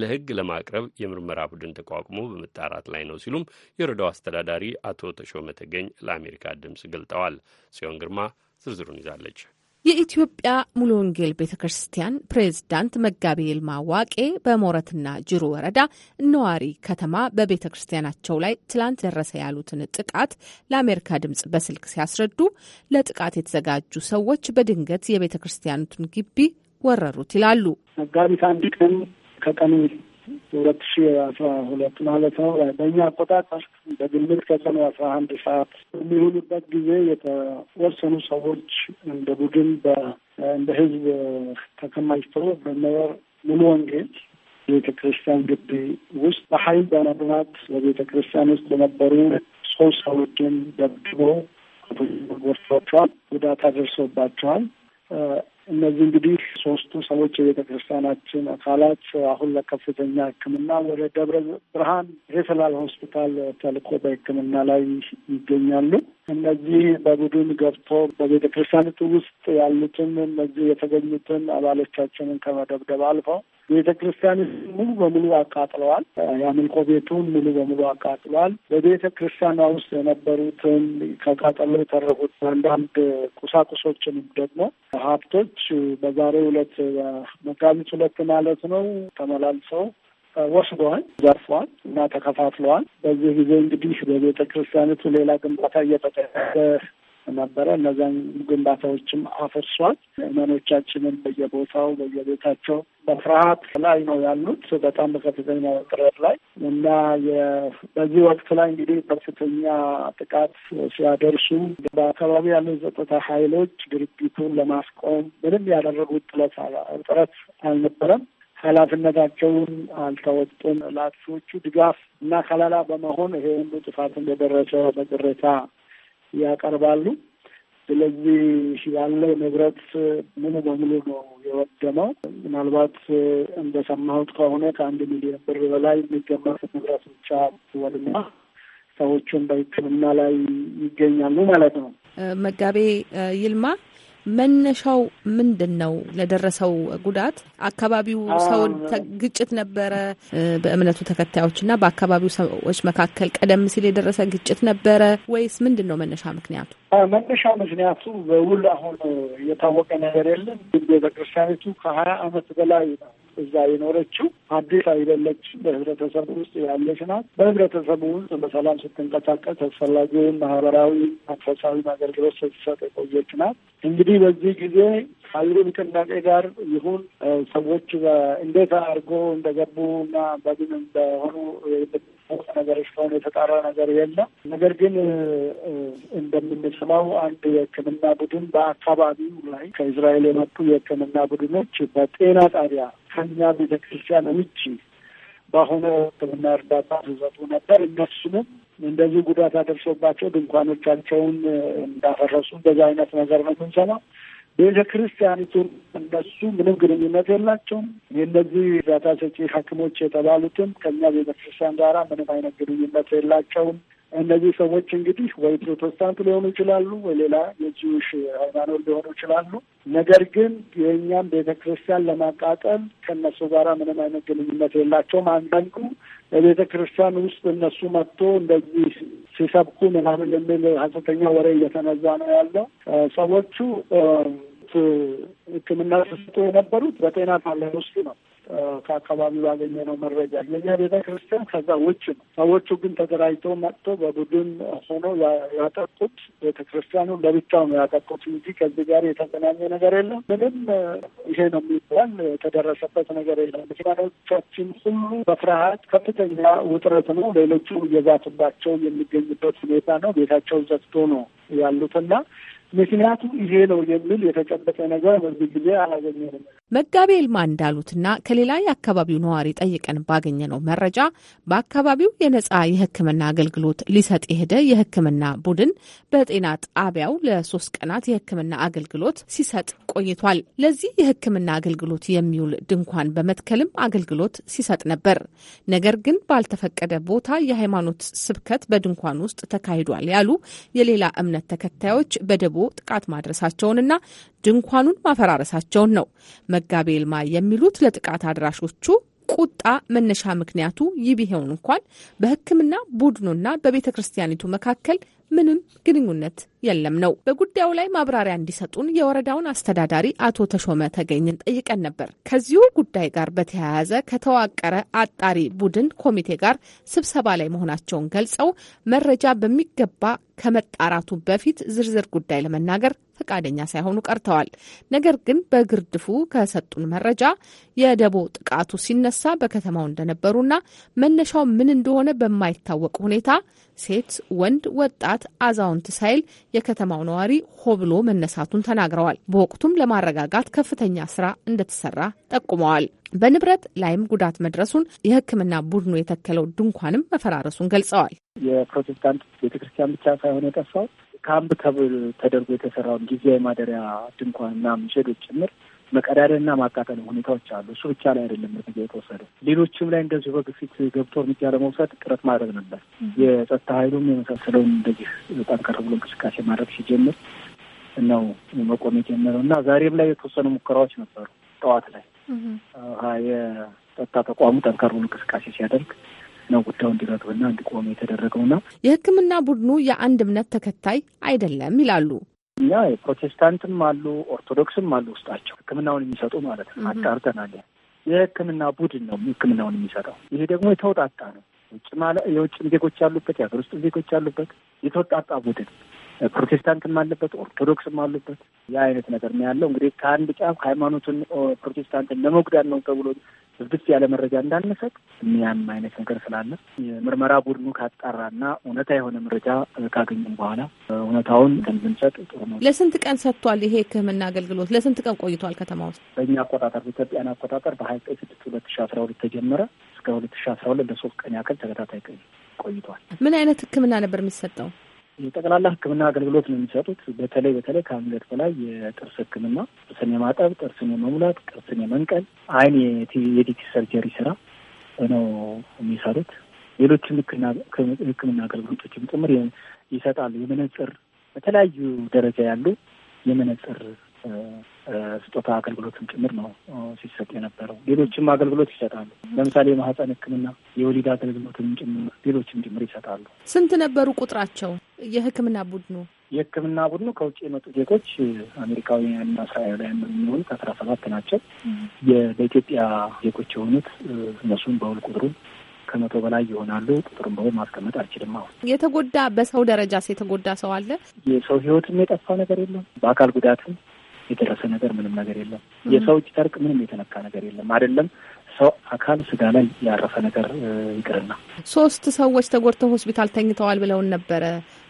ለሕግ ለማቅረብ የምርመራ ቡድን ተቋቁሞ በመጣራት ላይ ነው ሲሉም የወረዳው አስተዳዳሪ አቶ ተሾመ ተገኝ ለአሜሪካ ድምፅ ገልጠዋል። ጽዮን ግርማ ዝርዝሩን ይዛለች። የኢትዮጵያ ሙሉ ወንጌል ቤተ ክርስቲያን ፕሬዝዳንት መጋቤ ይልማ ዋቄ በሞረትና ጅሩ ወረዳ ነዋሪ ከተማ በቤተ ክርስቲያናቸው ላይ ትላንት ደረሰ ያሉትን ጥቃት ለአሜሪካ ድምጽ በስልክ ሲያስረዱ ለጥቃት የተዘጋጁ ሰዎች በድንገት የቤተ ክርስቲያኑን ግቢ ወረሩት ይላሉ። መጋቢት አንድ ቀን ከቀኑ ሁለት ሺ አስራ ሁለት ማለት ነው በእኛ አቆጣጠር በግምት ከቀኑ አስራ አንድ ሰዓት የሚሆኑበት ጊዜ የተወሰኑ ሰዎች እንደ ቡድን እንደ ህዝብ ተከማችቶ በመወር ሙሉ ወንጌል ቤተ ክርስቲያን ግቢ ውስጥ በሀይል በመግባት በቤተ ክርስቲያን ውስጥ የነበሩ ሶስት ሰዎችን ደብድቦ ጎድቷቸዋል። ጉዳት አደርሶባቸዋል። እነዚህ እንግዲህ ሶስቱ ሰዎች የቤተ ክርስቲያናችን አካላት አሁን ለከፍተኛ ሕክምና ወደ ደብረ ብርሃን ሪፈራል ሆስፒታል ተልኮ በሕክምና ላይ ይገኛሉ። እነዚህ በቡድን ገብቶ በቤተ ክርስቲያኒቱ ውስጥ ያሉትን እነዚህ የተገኙትን አባሎቻችንን ከመደብደብ አልፈው ቤተ ክርስቲያን ሙሉ በሙሉ አቃጥለዋል። የአምልኮ ቤቱን ሙሉ በሙሉ አቃጥሏል። በቤተ ክርስቲያኗ ውስጥ የነበሩትን ከቃጠሎ የተረፉት አንዳንድ ቁሳቁሶችንም ደግሞ ሀብቶች በዛሬ ሁለት መጋቢት ሁለት ማለት ነው ተመላልሰው ወስደዋል፣ ዘርፈዋል እና ተከፋፍለዋል። በዚህ ጊዜ እንግዲህ በቤተ ክርስቲያኒቱ ሌላ ግንባታ እየተጠ ነበረ። እነዚያን ግንባታዎችም አፍርሷል። ምዕመኖቻችንን በየቦታው በየቤታቸው በፍርሃት ላይ ነው ያሉት፣ በጣም በከፍተኛ ጥረት ላይ እና በዚህ ወቅት ላይ እንግዲህ ከፍተኛ ጥቃት ሲያደርሱ በአካባቢ ያሉ የጸጥታ ኃይሎች ድርጊቱን ለማስቆም ምንም ያደረጉት ጥለት ጥረት አልነበረም። ኃላፊነታቸውን አልተወጡም። ለአጥፊዎቹ ድጋፍ እና ከለላ በመሆን ይሄ ሁሉ ጥፋት እንደደረሰ በቅሬታ ያቀርባሉ። ስለዚህ ያለው ንብረት ሙሉ በሙሉ ነው የወደመው። ምናልባት እንደሰማሁት ከሆነ ከአንድ ሚሊዮን ብር በላይ የሚገመት ንብረት ብቻ ወድማ ሰዎቹን በሕክምና ላይ ይገኛሉ ማለት ነው። መጋቤ ይልማ መነሻው ምንድን ነው? ለደረሰው ጉዳት አካባቢው ሰው ግጭት ነበረ። በእምነቱ ተከታዮች እና በአካባቢው ሰዎች መካከል ቀደም ሲል የደረሰ ግጭት ነበረ ወይስ ምንድን ነው መነሻ ምክንያቱ? መነሻ ምክንያቱ በውል አሁን የታወቀ ነገር የለም። ግን ቤተክርስቲያኒቱ ከሀያ አመት በላይ ነው እዛ የኖረችው አዲስ አይደለች። በህብረተሰቡ ውስጥ ያለች ናት። በህብረተሰቡ ውስጥ በሰላም ስትንቀሳቀስ አስፈላጊውን ማህበራዊ፣ መንፈሳዊ አገልግሎት ስትሰጥ የቆየች ናት። እንግዲህ በዚህ ጊዜ ከአይሩ ንቅናቄ ጋር ይሁን ሰዎች እንዴት አድርጎ እንደገቡ እና በምን እንደሆኑ ወቅት ነገር እስካሁን የተጣራ ነገር የለም። ነገር ግን እንደምንሰማው አንድ የሕክምና ቡድን በአካባቢው ላይ ከእስራኤል የመጡ የሕክምና ቡድኖች በጤና ጣቢያ ከኛ ቤተ ክርስቲያን ውጭ በሆነ ሕክምና እርዳታ ሲሰጡ ነበር። እነሱንም እንደዚህ ጉዳት አደርሶባቸው ድንኳኖቻቸውን እንዳፈረሱ እንደዚህ አይነት ነገር ነው የምንሰማው። ቤተ ክርስቲያኒቱን እነሱ ምንም ግንኙነት የላቸውም። የእነዚህ እርዳታ ሰጪ ሐኪሞች የተባሉትም ከኛ ቤተ ክርስቲያን ጋራ ምንም አይነት ግንኙነት የላቸውም። እነዚህ ሰዎች እንግዲህ ወይ ፕሮቴስታንት ሊሆኑ ይችላሉ፣ ወይ ሌላ የጂውሽ ሃይማኖት ሊሆኑ ይችላሉ። ነገር ግን የእኛም ቤተ ክርስቲያን ለማቃጠል ከእነሱ ጋራ ምንም አይነት ግንኙነት የላቸውም። አንዳንዱ በቤተ ክርስቲያን ውስጥ እነሱ መጥቶ እንደዚህ ሲሰብኩ ምናምን የሚል ሀሰተኛ ወሬ እየተነዛ ነው ያለው። ሰዎቹ ሕክምና ሲሰጡ የነበሩት በጤና ታለን ውስጥ ነው። ከአካባቢው ባገኘነው መረጃ የኛ ቤተ ክርስቲያን ከዛ ውጭ ነው። ሰዎቹ ግን ተደራጅተው መጥተው በቡድን ሆኖ ያጠቁት ቤተ ክርስቲያኑ ለብቻው ነው ያጠቁት እንጂ ከዚህ ጋር የተገናኘ ነገር የለም። ምንም ይሄ ነው የሚባል የተደረሰበት ነገር የለም። ምክንያቶቻችን ሁሉ በፍርሃት ከፍተኛ ውጥረት ነው። ሌሎቹ እየዛቱባቸው የሚገኝበት ሁኔታ ነው። ቤታቸው ዘግቶ ነው ያሉትና ምክንያቱ ይሄ ነው የሚል የተጨበጠ ነገር በዚህ ጊዜ አላገኘንም። መጋቤ ልማ እንዳሉትና ከሌላ የአካባቢው ነዋሪ ጠይቀን ባገኘነው መረጃ በአካባቢው የነጻ የሕክምና አገልግሎት ሊሰጥ የሄደ የሕክምና ቡድን በጤና ጣቢያው ለሶስት ቀናት የሕክምና አገልግሎት ሲሰጥ ቆይቷል። ለዚህ የሕክምና አገልግሎት የሚውል ድንኳን በመትከልም አገልግሎት ሲሰጥ ነበር። ነገር ግን ባልተፈቀደ ቦታ የሃይማኖት ስብከት በድንኳን ውስጥ ተካሂዷል ያሉ የሌላ እምነት ተከታዮች በደቡብ ጥቃት ማድረሳቸውንና ድንኳኑን ማፈራረሳቸውን ነው። መጋቤ ልማ የሚሉት ለጥቃት አድራሾቹ ቁጣ መነሻ ምክንያቱ ይህ ቢሆን እንኳን በሕክምና ቡድኑና በቤተ ክርስቲያኒቱ መካከል ምንም ግንኙነት የለም ነው። በጉዳዩ ላይ ማብራሪያ እንዲሰጡን የወረዳውን አስተዳዳሪ አቶ ተሾመ ተገኝን ጠይቀን ነበር። ከዚሁ ጉዳይ ጋር በተያያዘ ከተዋቀረ አጣሪ ቡድን ኮሚቴ ጋር ስብሰባ ላይ መሆናቸውን ገልጸው መረጃ በሚገባ ከመጣራቱ በፊት ዝርዝር ጉዳይ ለመናገር ፈቃደኛ ሳይሆኑ ቀርተዋል። ነገር ግን በግርድፉ ከሰጡን መረጃ የደቦ ጥቃቱ ሲነሳ በከተማው እንደነበሩና መነሻው ምን እንደሆነ በማይታወቅ ሁኔታ ሴት፣ ወንድ፣ ወጣት ወጣት አዛውንት ሳይል የከተማው ነዋሪ ሆ ብሎ መነሳቱን ተናግረዋል። በወቅቱም ለማረጋጋት ከፍተኛ ስራ እንደተሰራ ጠቁመዋል። በንብረት ላይም ጉዳት መድረሱን የሕክምና ቡድኑ የተከለው ድንኳንም መፈራረሱን ገልጸዋል። የፕሮቴስታንት ቤተክርስቲያን ብቻ ሳይሆን የጠፋው ካምፕ ተብል ተደርጎ የተሰራውን ጊዜያዊ ማደሪያ ድንኳንና ምሸዶች ጭምር መቀዳደንና ማቃጠል ሁኔታዎች አሉ። እሱ ብቻ ላይ አይደለም እርምጃ የተወሰደ ሌሎችም ላይ እንደዚሁ በግፊት ገብቶ እርምጃ ለመውሰድ ጥረት ማድረግ ነበር። የጸጥታ ኃይሉም የመሳሰለውን እንደዚህ ጠንከር ብሎ እንቅስቃሴ ማድረግ ሲጀምር ነው መቆም የጀመረው እና ዛሬም ላይ የተወሰኑ ሙከራዎች ነበሩ። ጠዋት ላይ የጸጥታ ተቋሙ ጠንከር ብሎ እንቅስቃሴ ሲያደርግ ነው ጉዳዩ እንዲረግብና እንዲቆም የተደረገውና የሕክምና ቡድኑ የአንድ እምነት ተከታይ አይደለም ይላሉ እኛ የፕሮቴስታንትም አሉ ኦርቶዶክስም አሉ ውስጣቸው ህክምናውን የሚሰጡ ማለት ነው። አጣርተናል። የሕክምና ቡድን ነው ህክምናውን የሚሰጠው። ይሄ ደግሞ የተውጣጣ ነው። ውጭ ማለት የውጭም ዜጎች ያሉበት የሀገር ውስጥ ዜጎች ያሉበት የተወጣጣ ቡድን ፕሮቴስታንትም አለበት ኦርቶዶክስም አሉበት። ያ አይነት ነገር ነው ያለው። እንግዲህ ከአንድ ጫፍ ሃይማኖቱን ፕሮቴስታንትን ለመጉዳት ነው ተብሎ ስድስት ያለ መረጃ እንዳንሰጥ እኒያም አይነት ነገር ስላለ የምርመራ ቡድኑ ካጣራና እውነታ የሆነ መረጃ ካገኘም በኋላ እውነታውን ብንሰጥ ጥሩ ነው። ለስንት ቀን ሰጥቷል? ይሄ ሕክምና አገልግሎት ለስንት ቀን ቆይቷል? ከተማ ውስጥ በእኛ አቆጣጠር በኢትዮጵያን አቆጣጠር በሀያ ዘጠኝ ስድስት ሁለት ሺ አስራ ሁለት ተጀመረ እስከ ሁለት ሺ አስራ ሁለት ለሶስት ቀን ያክል ተከታታይ ቀን ቆይቷል። ምን አይነት ሕክምና ነበር የሚሰጠው? ጠቅላላ ሕክምና አገልግሎት ነው የሚሰጡት። በተለይ በተለይ ከአንገት በላይ የጥርስ ሕክምና ጥርስን የማጠብ፣ ጥርስን የመሙላት፣ ጥርስን የመንቀል፣ አይን የዲቲ ሰርጀሪ ስራ ነው የሚሰሩት። ሌሎችም ሕክምና አገልግሎቶችም ጭምር ይሰጣሉ። የመነጽር በተለያዩ ደረጃ ያሉ የመነጽር ስጦታ አገልግሎትም ጭምር ነው ሲሰጥ የነበረው። ሌሎችም አገልግሎት ይሰጣሉ። ለምሳሌ የማህፀን ሕክምና፣ የወሊድ አገልግሎትም ጭምር ሌሎችም ጭምር ይሰጣሉ። ስንት ነበሩ ቁጥራቸው የሕክምና ቡድኑ? የሕክምና ቡድኑ ከውጭ የመጡ ዜጎች አሜሪካውያንና እስራኤላውያን የሚሆኑት አስራ ሰባት ናቸው። በኢትዮጵያ ዜጎች የሆኑት እነሱም በውል ቁጥሩ ከመቶ በላይ ይሆናሉ። ቁጥሩን በውል ማስቀመጥ አልችልም። አሁን የተጎዳ በሰው ደረጃ የተጎዳ ሰው አለ? የሰው ህይወትም የጠፋ ነገር የለም። በአካል ጉዳትም የደረሰ ነገር ምንም ነገር የለም። የሰው እጅ ጠርቅ ምንም የተነካ ነገር የለም። አይደለም ሰው አካል ስጋ ላይ ያረፈ ነገር ይቅርና ሶስት ሰዎች ተጎድተው ሆስፒታል ተኝተዋል ብለውን ነበረ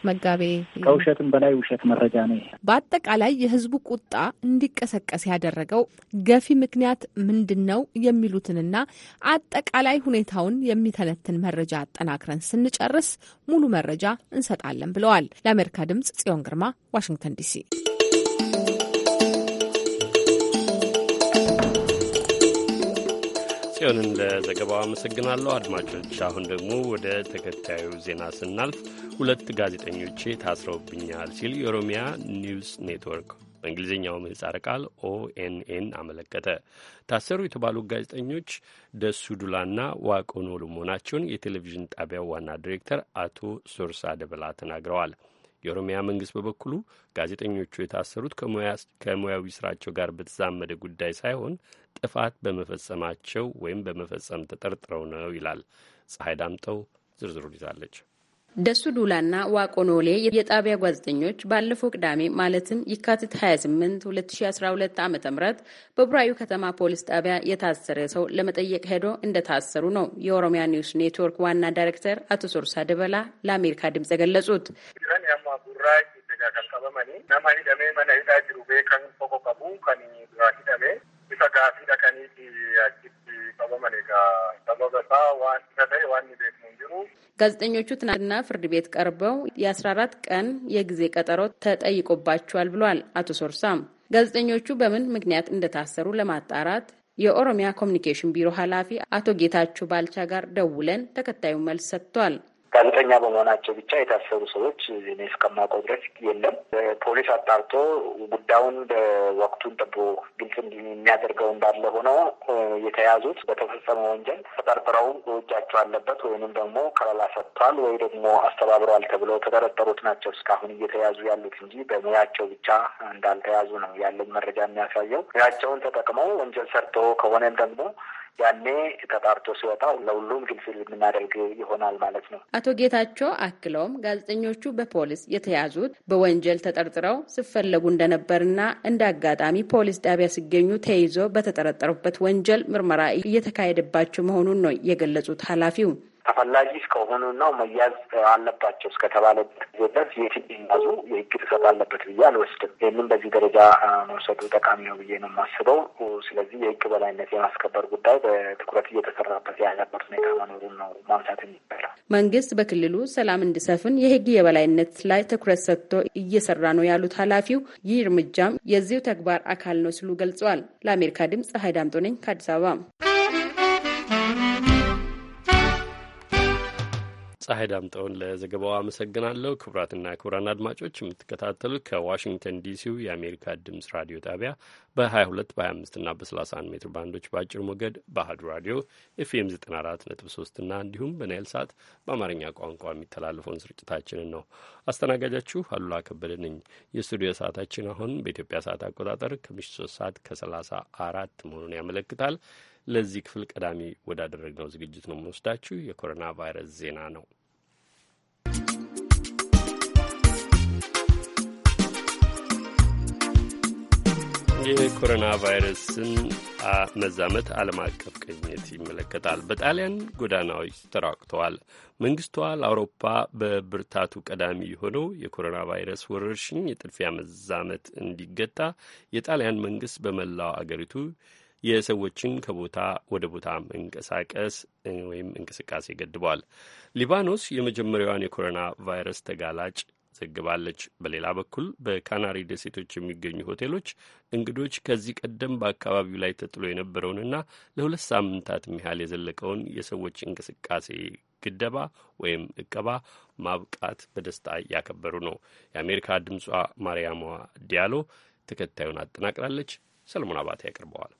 መጋቤ። ከውሸትም በላይ ውሸት መረጃ ነው። በአጠቃላይ የህዝቡ ቁጣ እንዲቀሰቀስ ያደረገው ገፊ ምክንያት ምንድን ነው የሚሉትንና አጠቃላይ ሁኔታውን የሚተነትን መረጃ አጠናክረን ስንጨርስ ሙሉ መረጃ እንሰጣለን ብለዋል። ለአሜሪካ ድምጽ ጽዮን ግርማ ዋሽንግተን ዲሲ ጽዮንን ለዘገባው አመሰግናለሁ። አድማጮች፣ አሁን ደግሞ ወደ ተከታዩ ዜና ስናልፍ ሁለት ጋዜጠኞቼ ታስረውብኛል ሲል የኦሮሚያ ኒውስ ኔትወርክ በእንግሊዝኛው ምህጻረ ቃል ኦኤንኤን አመለከተ። ታሰሩ የተባሉ ጋዜጠኞች ደሱ ዱላና ዋቆ ኖሉ መሆናቸውን የቴሌቪዥን ጣቢያው ዋና ዲሬክተር አቶ ሶርሳ ደበላ ተናግረዋል። የኦሮሚያ መንግስት በበኩሉ ጋዜጠኞቹ የታሰሩት ከሙያዊ ስራቸው ጋር በተዛመደ ጉዳይ ሳይሆን ጥፋት በመፈጸማቸው ወይም በመፈጸም ተጠርጥረው ነው ይላል። ፀሐይ ዳምጠው ዝርዝሩን ይዛለች። ደሱ ዱላና ዋቆኖሌ የጣቢያ ጋዜጠኞች ባለፈው ቅዳሜ ማለትም የካቲት 28 2012 ዓ ም በቡራዩ ከተማ ፖሊስ ጣቢያ የታሰረ ሰው ለመጠየቅ ሄዶ እንደታሰሩ ነው የኦሮሚያ ኒውስ ኔትወርክ ዋና ዳይሬክተር አቶ ሶርሳ ደበላ ለአሜሪካ ድምፅ የገለጹት። achitti qabaman egaa sababa isaa waan isa ta'e waan hin jiru ጋዜጠኞቹ ትናንትና ፍርድ ቤት ቀርበው የአስራ አራት ቀን የጊዜ ቀጠሮ ተጠይቆባቸዋል ብሏል አቶ ሶርሳም። ጋዜጠኞቹ በምን ምክንያት እንደታሰሩ ለማጣራት የኦሮሚያ ኮሚኒኬሽን ቢሮ ኃላፊ አቶ ጌታቸው ባልቻ ጋር ደውለን ተከታዩን መልስ ሰጥቷል። ጋዜጠኛ በመሆናቸው ብቻ የታሰሩ ሰዎች እኔ እስከማውቀው ድረስ የለም። ፖሊስ አጣርቶ ጉዳዩን በወቅቱን ጠብቆ ግልጽ የሚያደርገው እንዳለ ሆነው የተያዙት በተፈጸመ ወንጀል ተጠርጥረው እጃቸው አለበት ወይንም ደግሞ ከለላ ሰጥቷል ወይ ደግሞ አስተባብረዋል ተብለው ተጠረጠሩት ናቸው እስካሁን እየተያዙ ያሉት እንጂ በሙያቸው ብቻ እንዳልተያዙ ነው ያለኝ መረጃ የሚያሳየው። ሙያቸውን ተጠቅመው ወንጀል ሰርቶ ከሆነም ደግሞ ያኔ ተጣርቶ ሲወጣ ለሁሉም ግልጽ የምናደርግ ይሆናል ማለት ነው። አቶ ጌታቸው አክለውም ጋዜጠኞቹ በፖሊስ የተያዙት በወንጀል ተጠርጥረው ሲፈለጉ እንደነበርና እንደ አጋጣሚ ፖሊስ ጣቢያ ሲገኙ ተይዞ በተጠረጠሩበት ወንጀል ምርመራ እየተካሄደባቸው መሆኑን ነው የገለጹት ኃላፊው ተፈላጊ እስከሆኑና መያዝ አለባቸው እስከተባለበት ጊዜ ድረስ የት ያዙ የህግ ጥሰት አለበት ብዬ አልወስድም። ይህንም በዚህ ደረጃ መውሰዱ ጠቃሚ ነው ብዬ ነው የማስበው። ስለዚህ የህግ በላይነት የማስከበር ጉዳይ በትኩረት እየተሰራበት ያለበት ሁኔታ መኖሩን ነው ማንሳት የሚባለው። መንግስት በክልሉ ሰላም እንዲሰፍን የህግ የበላይነት ላይ ትኩረት ሰጥቶ እየሰራ ነው ያሉት ኃላፊው ይህ እርምጃም የዚሁ ተግባር አካል ነው ሲሉ ገልጸዋል። ለአሜሪካ ድምፅ ፀሐይ ዳምጦ ነኝ ከአዲስ አበባ ፀሐይ ዳምጠውን ለዘገባው አመሰግናለሁ። ክቡራትና ክቡራን አድማጮች የምትከታተሉት ከዋሽንግተን ዲሲው የአሜሪካ ድምፅ ራዲዮ ጣቢያ በ22 25 እና በ31 ሜትር ባንዶች በአጭር ሞገድ በአህዱ ራዲዮ ኤፍኤም 94.3 እና እንዲሁም በናይል ሰዓት በአማርኛ ቋንቋ የሚተላለፈውን ስርጭታችንን ነው። አስተናጋጃችሁ አሉላ ከበደ ነኝ። የስቱዲዮ ሰዓታችን አሁን በኢትዮጵያ ሰዓት አቆጣጠር ከምሽት 3 ሰዓት ከ34 መሆኑን ያመለክታል። ለዚህ ክፍል ቀዳሚ ወዳደረግነው ዝግጅት ነው የምንወስዳችሁ። የኮሮና ቫይረስ ዜና ነው። የኮሮና ቫይረስን መዛመት ዓለም አቀፍ ቅኝት ይመለከታል። በጣሊያን ጎዳናዎች ተራቁተዋል። መንግስቷ ለአውሮፓ በብርታቱ ቀዳሚ የሆነው የኮሮና ቫይረስ ወረርሽኝ የጥድፊያ መዛመት እንዲገታ የጣሊያን መንግስት በመላው አገሪቱ የሰዎችን ከቦታ ወደ ቦታ መንቀሳቀስ ወይም እንቅስቃሴ ገድቧል። ሊባኖስ የመጀመሪያዋን የኮሮና ቫይረስ ተጋላጭ ዘግባለች። በሌላ በኩል በካናሪ ደሴቶች የሚገኙ ሆቴሎች እንግዶች ከዚህ ቀደም በአካባቢው ላይ ተጥሎ የነበረውንና ለሁለት ሳምንታት ያህል የዘለቀውን የሰዎች እንቅስቃሴ ግደባ ወይም እቀባ ማብቃት በደስታ እያከበሩ ነው። የአሜሪካ ድምጿ ማርያማ ዲያሎ ተከታዩን አጠናቅራለች። ሰለሞን አባት ያቀርበዋል።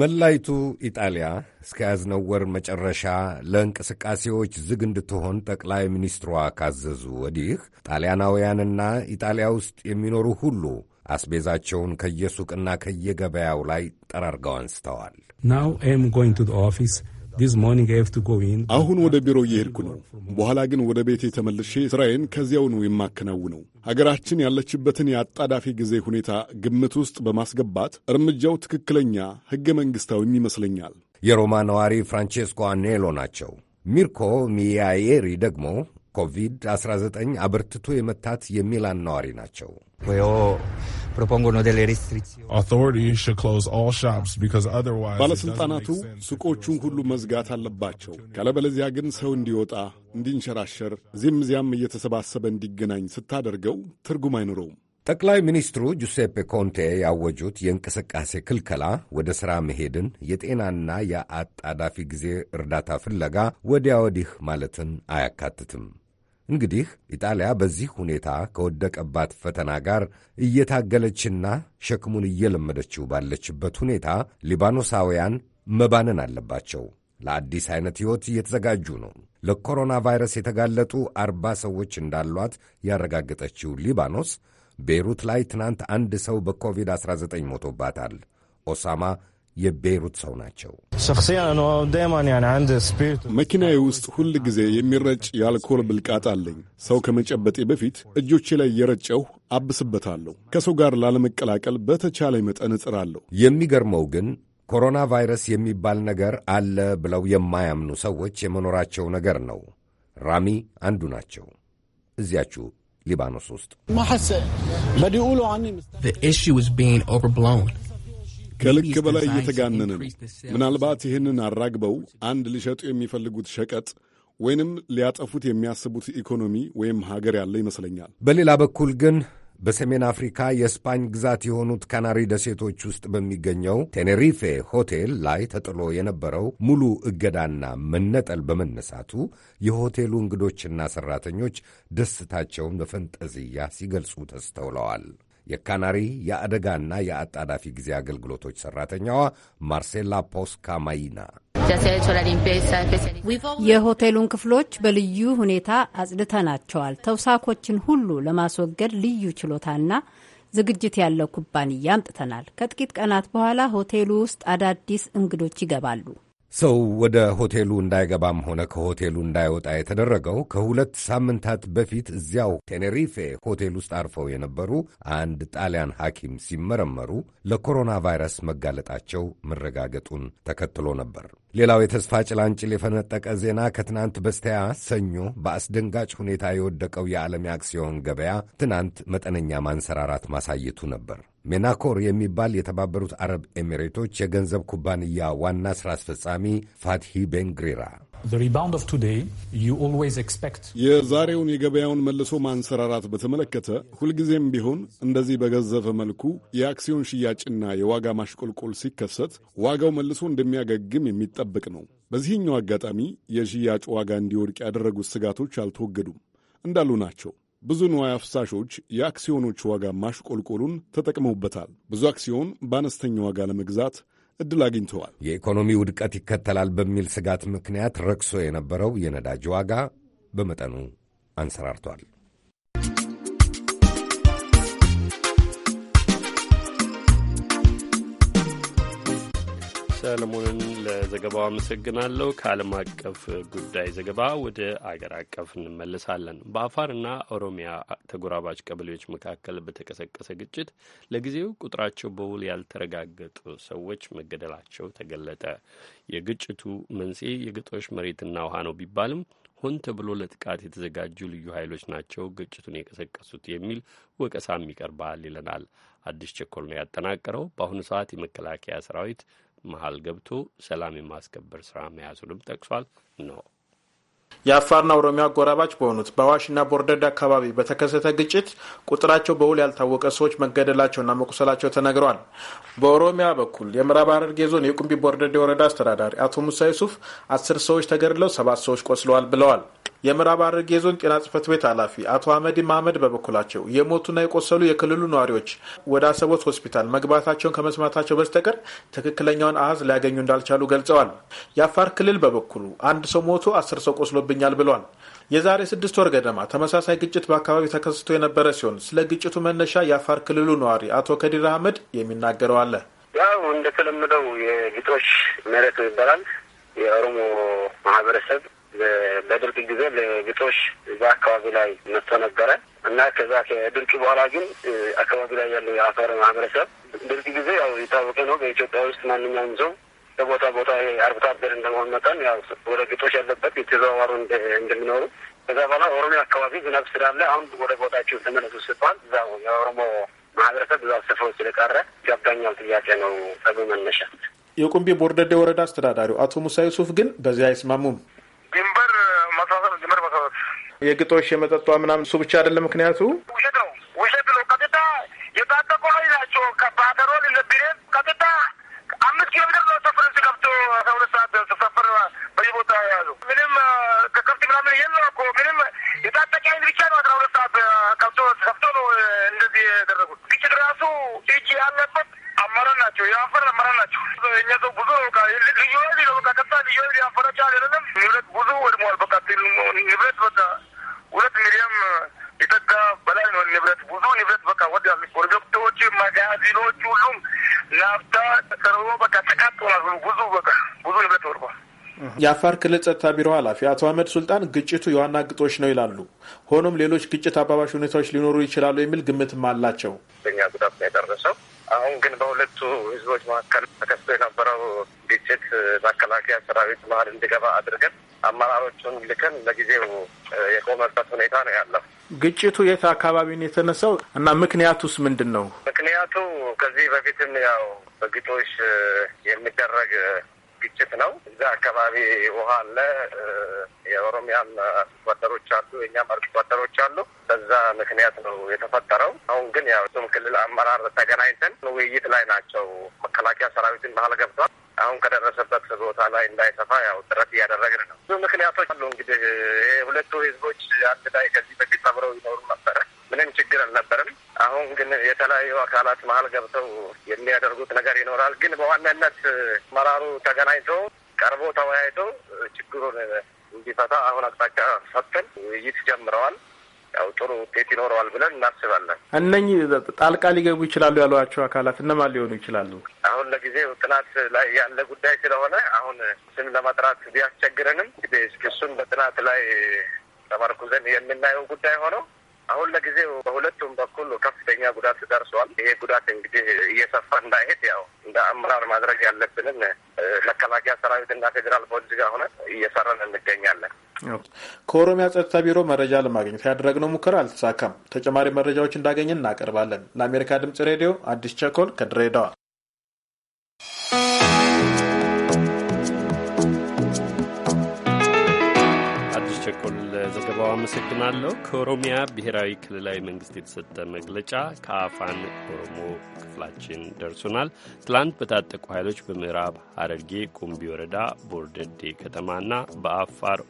መላይቱ ኢጣሊያ እስከ ያዝነው ወር መጨረሻ ለእንቅስቃሴዎች ዝግ እንድትሆን ጠቅላይ ሚኒስትሯ ካዘዙ ወዲህ ጣሊያናውያንና ኢጣሊያ ውስጥ የሚኖሩ ሁሉ አስቤዛቸውን ከየሱቅና ከየገበያው ላይ ጠራርገው አንስተዋል። ናው አይ ጎይንግ ቱ ኦፊስ አሁን ወደ ቢሮ እየሄድኩ ነው። በኋላ ግን ወደ ቤቴ ተመልሼ ስራዬን ከዚያው ነው የማከናውነው። ሀገራችን ያለችበትን የአጣዳፊ ጊዜ ሁኔታ ግምት ውስጥ በማስገባት እርምጃው ትክክለኛ ሕገ መንግሥታዊም ይመስለኛል። የሮማ ነዋሪ ፍራንቼስኮ አኔሎ ናቸው። ሚርኮ ሚያየሪ ደግሞ ኮቪድ-19 አበርትቶ የመታት የሚላን ነዋሪ ናቸው። ባለሥልጣናቱ ሱቆቹን ሁሉ መዝጋት አለባቸው። ካለበለዚያ ግን ሰው እንዲወጣ፣ እንዲንሸራሸር፣ እዚህም እዚያም እየተሰባሰበ እንዲገናኝ ስታደርገው ትርጉም አይኖረውም። ጠቅላይ ሚኒስትሩ ጁሴፔ ኮንቴ ያወጁት የእንቅስቃሴ ክልከላ ወደ ሥራ መሄድን፣ የጤናና የአጣዳፊ ጊዜ እርዳታ ፍለጋ ወዲያ ወዲህ ማለትን አያካትትም። እንግዲህ ኢጣሊያ በዚህ ሁኔታ ከወደቀባት ፈተና ጋር እየታገለችና ሸክሙን እየለመደችው ባለችበት ሁኔታ ሊባኖሳውያን መባነን አለባቸው። ለአዲስ አይነት ሕይወት እየተዘጋጁ ነው። ለኮሮና ቫይረስ የተጋለጡ አርባ ሰዎች እንዳሏት ያረጋገጠችው ሊባኖስ ቤይሩት ላይ ትናንት አንድ ሰው በኮቪድ-19 ሞቶባታል። ኦሳማ የቤይሩት ሰው ናቸው። መኪናዬ ውስጥ ሁል ጊዜ የሚረጭ የአልኮል ብልቃጥ አለኝ። ሰው ከመጨበጤ በፊት እጆቼ ላይ የረጨው አብስበታለሁ። ከሰው ጋር ላለመቀላቀል በተቻለ መጠን እጥራለሁ። የሚገርመው ግን ኮሮና ቫይረስ የሚባል ነገር አለ ብለው የማያምኑ ሰዎች የመኖራቸው ነገር ነው። ራሚ አንዱ ናቸው። እዚያችሁ ሊባኖስ ውስጥ ከልክ በላይ እየተጋነነ ነው። ምናልባት ይህንን አራግበው አንድ ሊሸጡ የሚፈልጉት ሸቀጥ ወይንም ሊያጠፉት የሚያስቡት ኢኮኖሚ ወይም ሀገር ያለ ይመስለኛል። በሌላ በኩል ግን በሰሜን አፍሪካ የስፓኝ ግዛት የሆኑት ካናሪ ደሴቶች ውስጥ በሚገኘው ቴኔሪፌ ሆቴል ላይ ተጥሎ የነበረው ሙሉ እገዳና መነጠል በመነሳቱ የሆቴሉ እንግዶችና ሠራተኞች ደስታቸውን በፈንጠዝያ ሲገልጹ ተስተውለዋል። የካናሪ የአደጋና የአጣዳፊ ጊዜ አገልግሎቶች ሰራተኛዋ ማርሴላ ፖስካ ማይና የሆቴሉን ክፍሎች በልዩ ሁኔታ አጽድተናቸዋል። ተውሳኮችን ሁሉ ለማስወገድ ልዩ ችሎታና ዝግጅት ያለው ኩባንያ አምጥተናል። ከጥቂት ቀናት በኋላ ሆቴሉ ውስጥ አዳዲስ እንግዶች ይገባሉ። ሰው ወደ ሆቴሉ እንዳይገባም ሆነ ከሆቴሉ እንዳይወጣ የተደረገው ከሁለት ሳምንታት በፊት እዚያው ቴኔሪፌ ሆቴል ውስጥ አርፈው የነበሩ አንድ ጣሊያን ሐኪም ሲመረመሩ ለኮሮና ቫይረስ መጋለጣቸው መረጋገጡን ተከትሎ ነበር። ሌላው የተስፋ ጭላንጭል የፈነጠቀ ዜና ከትናንት በስቲያ ሰኞ በአስደንጋጭ ሁኔታ የወደቀው የዓለም የአክሲዮን ገበያ ትናንት መጠነኛ ማንሰራራት ማሳየቱ ነበር። ሜናኮር የሚባል የተባበሩት አረብ ኤሚሬቶች የገንዘብ ኩባንያ ዋና ሥራ አስፈጻሚ ፋትሂ ቤንግሪራ የዛሬውን የገበያውን መልሶ ማንሰራራት በተመለከተ ሁልጊዜም ቢሆን እንደዚህ በገዘፈ መልኩ የአክሲዮን ሽያጭና የዋጋ ማሽቆልቆል ሲከሰት ዋጋው መልሶ እንደሚያገግም የሚጠበቅ ነው። በዚህኛው አጋጣሚ የሽያጭ ዋጋ እንዲወድቅ ያደረጉት ስጋቶች አልተወገዱም እንዳሉ ናቸው። ብዙ ንዋይ አፍሳሾች የአክሲዮኖች ዋጋ ማሽቆልቆሉን ተጠቅመውበታል። ብዙ አክሲዮን በአነስተኛ ዋጋ ለመግዛት እድል አግኝተዋል። የኢኮኖሚ ውድቀት ይከተላል በሚል ስጋት ምክንያት ረክሶ የነበረው የነዳጅ ዋጋ በመጠኑ አንሰራርቷል። ሰለሞንን ለዘገባው አመሰግናለሁ። ከዓለም አቀፍ ጉዳይ ዘገባ ወደ አገር አቀፍ እንመለሳለን። በአፋርና ኦሮሚያ ተጎራባች ቀበሌዎች መካከል በተቀሰቀሰ ግጭት ለጊዜው ቁጥራቸው በውል ያልተረጋገጡ ሰዎች መገደላቸው ተገለጠ። የግጭቱ መንስኤ የግጦሽ መሬትና ውሃ ነው ቢባልም ሆን ተብሎ ለጥቃት የተዘጋጁ ልዩ ኃይሎች ናቸው ግጭቱን የቀሰቀሱት የሚል ወቀሳም ይቀርባል ይለናል። አዲስ ቸኮል ነው ያጠናቀረው። በአሁኑ ሰዓት የመከላከያ ሰራዊት መሀል ገብቶ ሰላም የማስከበር ስራ መያዙንም ጠቅሷል ነው። የአፋርና ኦሮሚያ አጎራባች በሆኑት በአዋሽና ቦርደድ አካባቢ በተከሰተ ግጭት ቁጥራቸው በውል ያልታወቀ ሰዎች መገደላቸውና መቁሰላቸው ተነግረዋል። በኦሮሚያ በኩል የምዕራብ ሐረርጌ ዞን የቁምቢ ቦርደድ የወረዳ አስተዳዳሪ አቶ ሙሳ ዩሱፍ አስር ሰዎች ተገድለው ሰባት ሰዎች ቆስለዋል ብለዋል። የምዕራብ ሐረርጌ ዞን ጤና ጽፈት ቤት ኃላፊ አቶ አህመድ ማህመድ በበኩላቸው የሞቱና የቆሰሉ የክልሉ ነዋሪዎች ወደ አሰቦት ሆስፒታል መግባታቸውን ከመስማታቸው በስተቀር ትክክለኛውን አሀዝ ሊያገኙ እንዳልቻሉ ገልጸዋል። የአፋር ክልል በበኩሉ አንድ ሰው ሞቶ አስር ሰው ቆስሎብኛል ብሏል። የዛሬ ስድስት ወር ገደማ ተመሳሳይ ግጭት በአካባቢው ተከስቶ የነበረ ሲሆን ስለ ግጭቱ መነሻ የአፋር ክልሉ ነዋሪ አቶ ከዲር አህመድ የሚናገረው አለ። ያው እንደተለመደው የግጦሽ መሬት ይባላል የኦሮሞ ማህበረሰብ በድርቅ ጊዜ ለግጦሽ እዛ አካባቢ ላይ መጥቶ ነበረ እና ከዛ ከድርቅ በኋላ ግን አካባቢ ላይ ያለው የአፈር ማህበረሰብ ድርቅ ጊዜ ያው የታወቀ ነው። በኢትዮጵያ ውስጥ ማንኛውም ሰው ከቦታ ቦታ አርብቶ አደር እንደመሆን መጠን ያው ወደ ግጦሽ ያለበት የተዘዋዋሩ እንደሚኖሩ ከዛ በኋላ ኦሮሚያ አካባቢ ዝናብ ስላለ አሁን ወደ ቦታቸው ተመለሱ ስባል እዛ የኦሮሞ ማህበረሰብ እዛ ስፍሮ ስለቀረ ገብዳኛው ጥያቄ ነው ጸቡ መነሻ የቁምቢ ቦርደዴ ወረዳ አስተዳዳሪው አቶ ሙሳ ዩሱፍ ግን በዚህ አይስማሙም። ግንበር መሳሰብ ግንበር መሳሰብ የግጦሽ የመጠጧ ምናምን እሱ ብቻ አይደለም ምክንያቱ ውሸት ነው ውሸት ነው የአፋር ክልል ጸጥታ ቢሮ ኃላፊ አቶ አህመድ ሱልጣን ግጭቱ የዋና ግጦሽ ነው ይላሉ። ሆኖም ሌሎች ግጭት አባባሽ ሁኔታዎች ሊኖሩ ይችላሉ የሚል ግምትም አላቸው። ኛ ጉዳት ነው የደረሰው። አሁን ግን በሁለቱ ህዝቦች መካከል ተከስቶ የነበረው ግጭት መከላከያ ሰራዊት መሀል እንዲገባ አድርገን አመራሮቹን ልከን ለጊዜው የቆመበት ሁኔታ ነው ያለው። ግጭቱ የት አካባቢ ነው የተነሳው እና ምክንያቱስ ምንድን ነው? እነኚህ ጣልቃ ሊገቡ ይችላሉ ያሏቸው አካላት እነማን ሊሆኑ ይችላሉ? አሁን ለጊዜው ጥናት ላይ ያለ ጉዳይ ስለሆነ አሁን ስም ለማጥራት ቢያስቸግረንም እሱን በጥናት ላይ ተመርኩዘን የምናየው ጉዳይ ሆነው አሁን ለጊዜው በሁለቱም በኩል ከፍተኛ ጉዳት ደርሷል። ይሄ ጉዳት እንግዲህ እየሰፋ እንዳይሄድ ያው እንደ አመራር ማድረግ ያለብንን መከላከያ ሰራዊትና ፌዴራል ፖሊስ ጋር ሆነ እየሰራን ከኦሮሚያ ጸጥታ ቢሮ መረጃ ለማግኘት ያደረግነው ሙከራ አልተሳካም። ተጨማሪ መረጃዎች እንዳገኘን እናቀርባለን። ለአሜሪካ ድምጽ ሬዲዮ አዲስ ቸኮል ከድሬዳዋ አመሰግናለሁ። ከኦሮሚያ ብሔራዊ ክልላዊ መንግስት የተሰጠ መግለጫ ከአፋን ኦሮሞ ክፍላችን ደርሶናል። ትላንት በታጠቁ ኃይሎች በምዕራብ ሐረርጌ ኮምቢ ወረዳ ቦርደዴ ከተማና በአፋር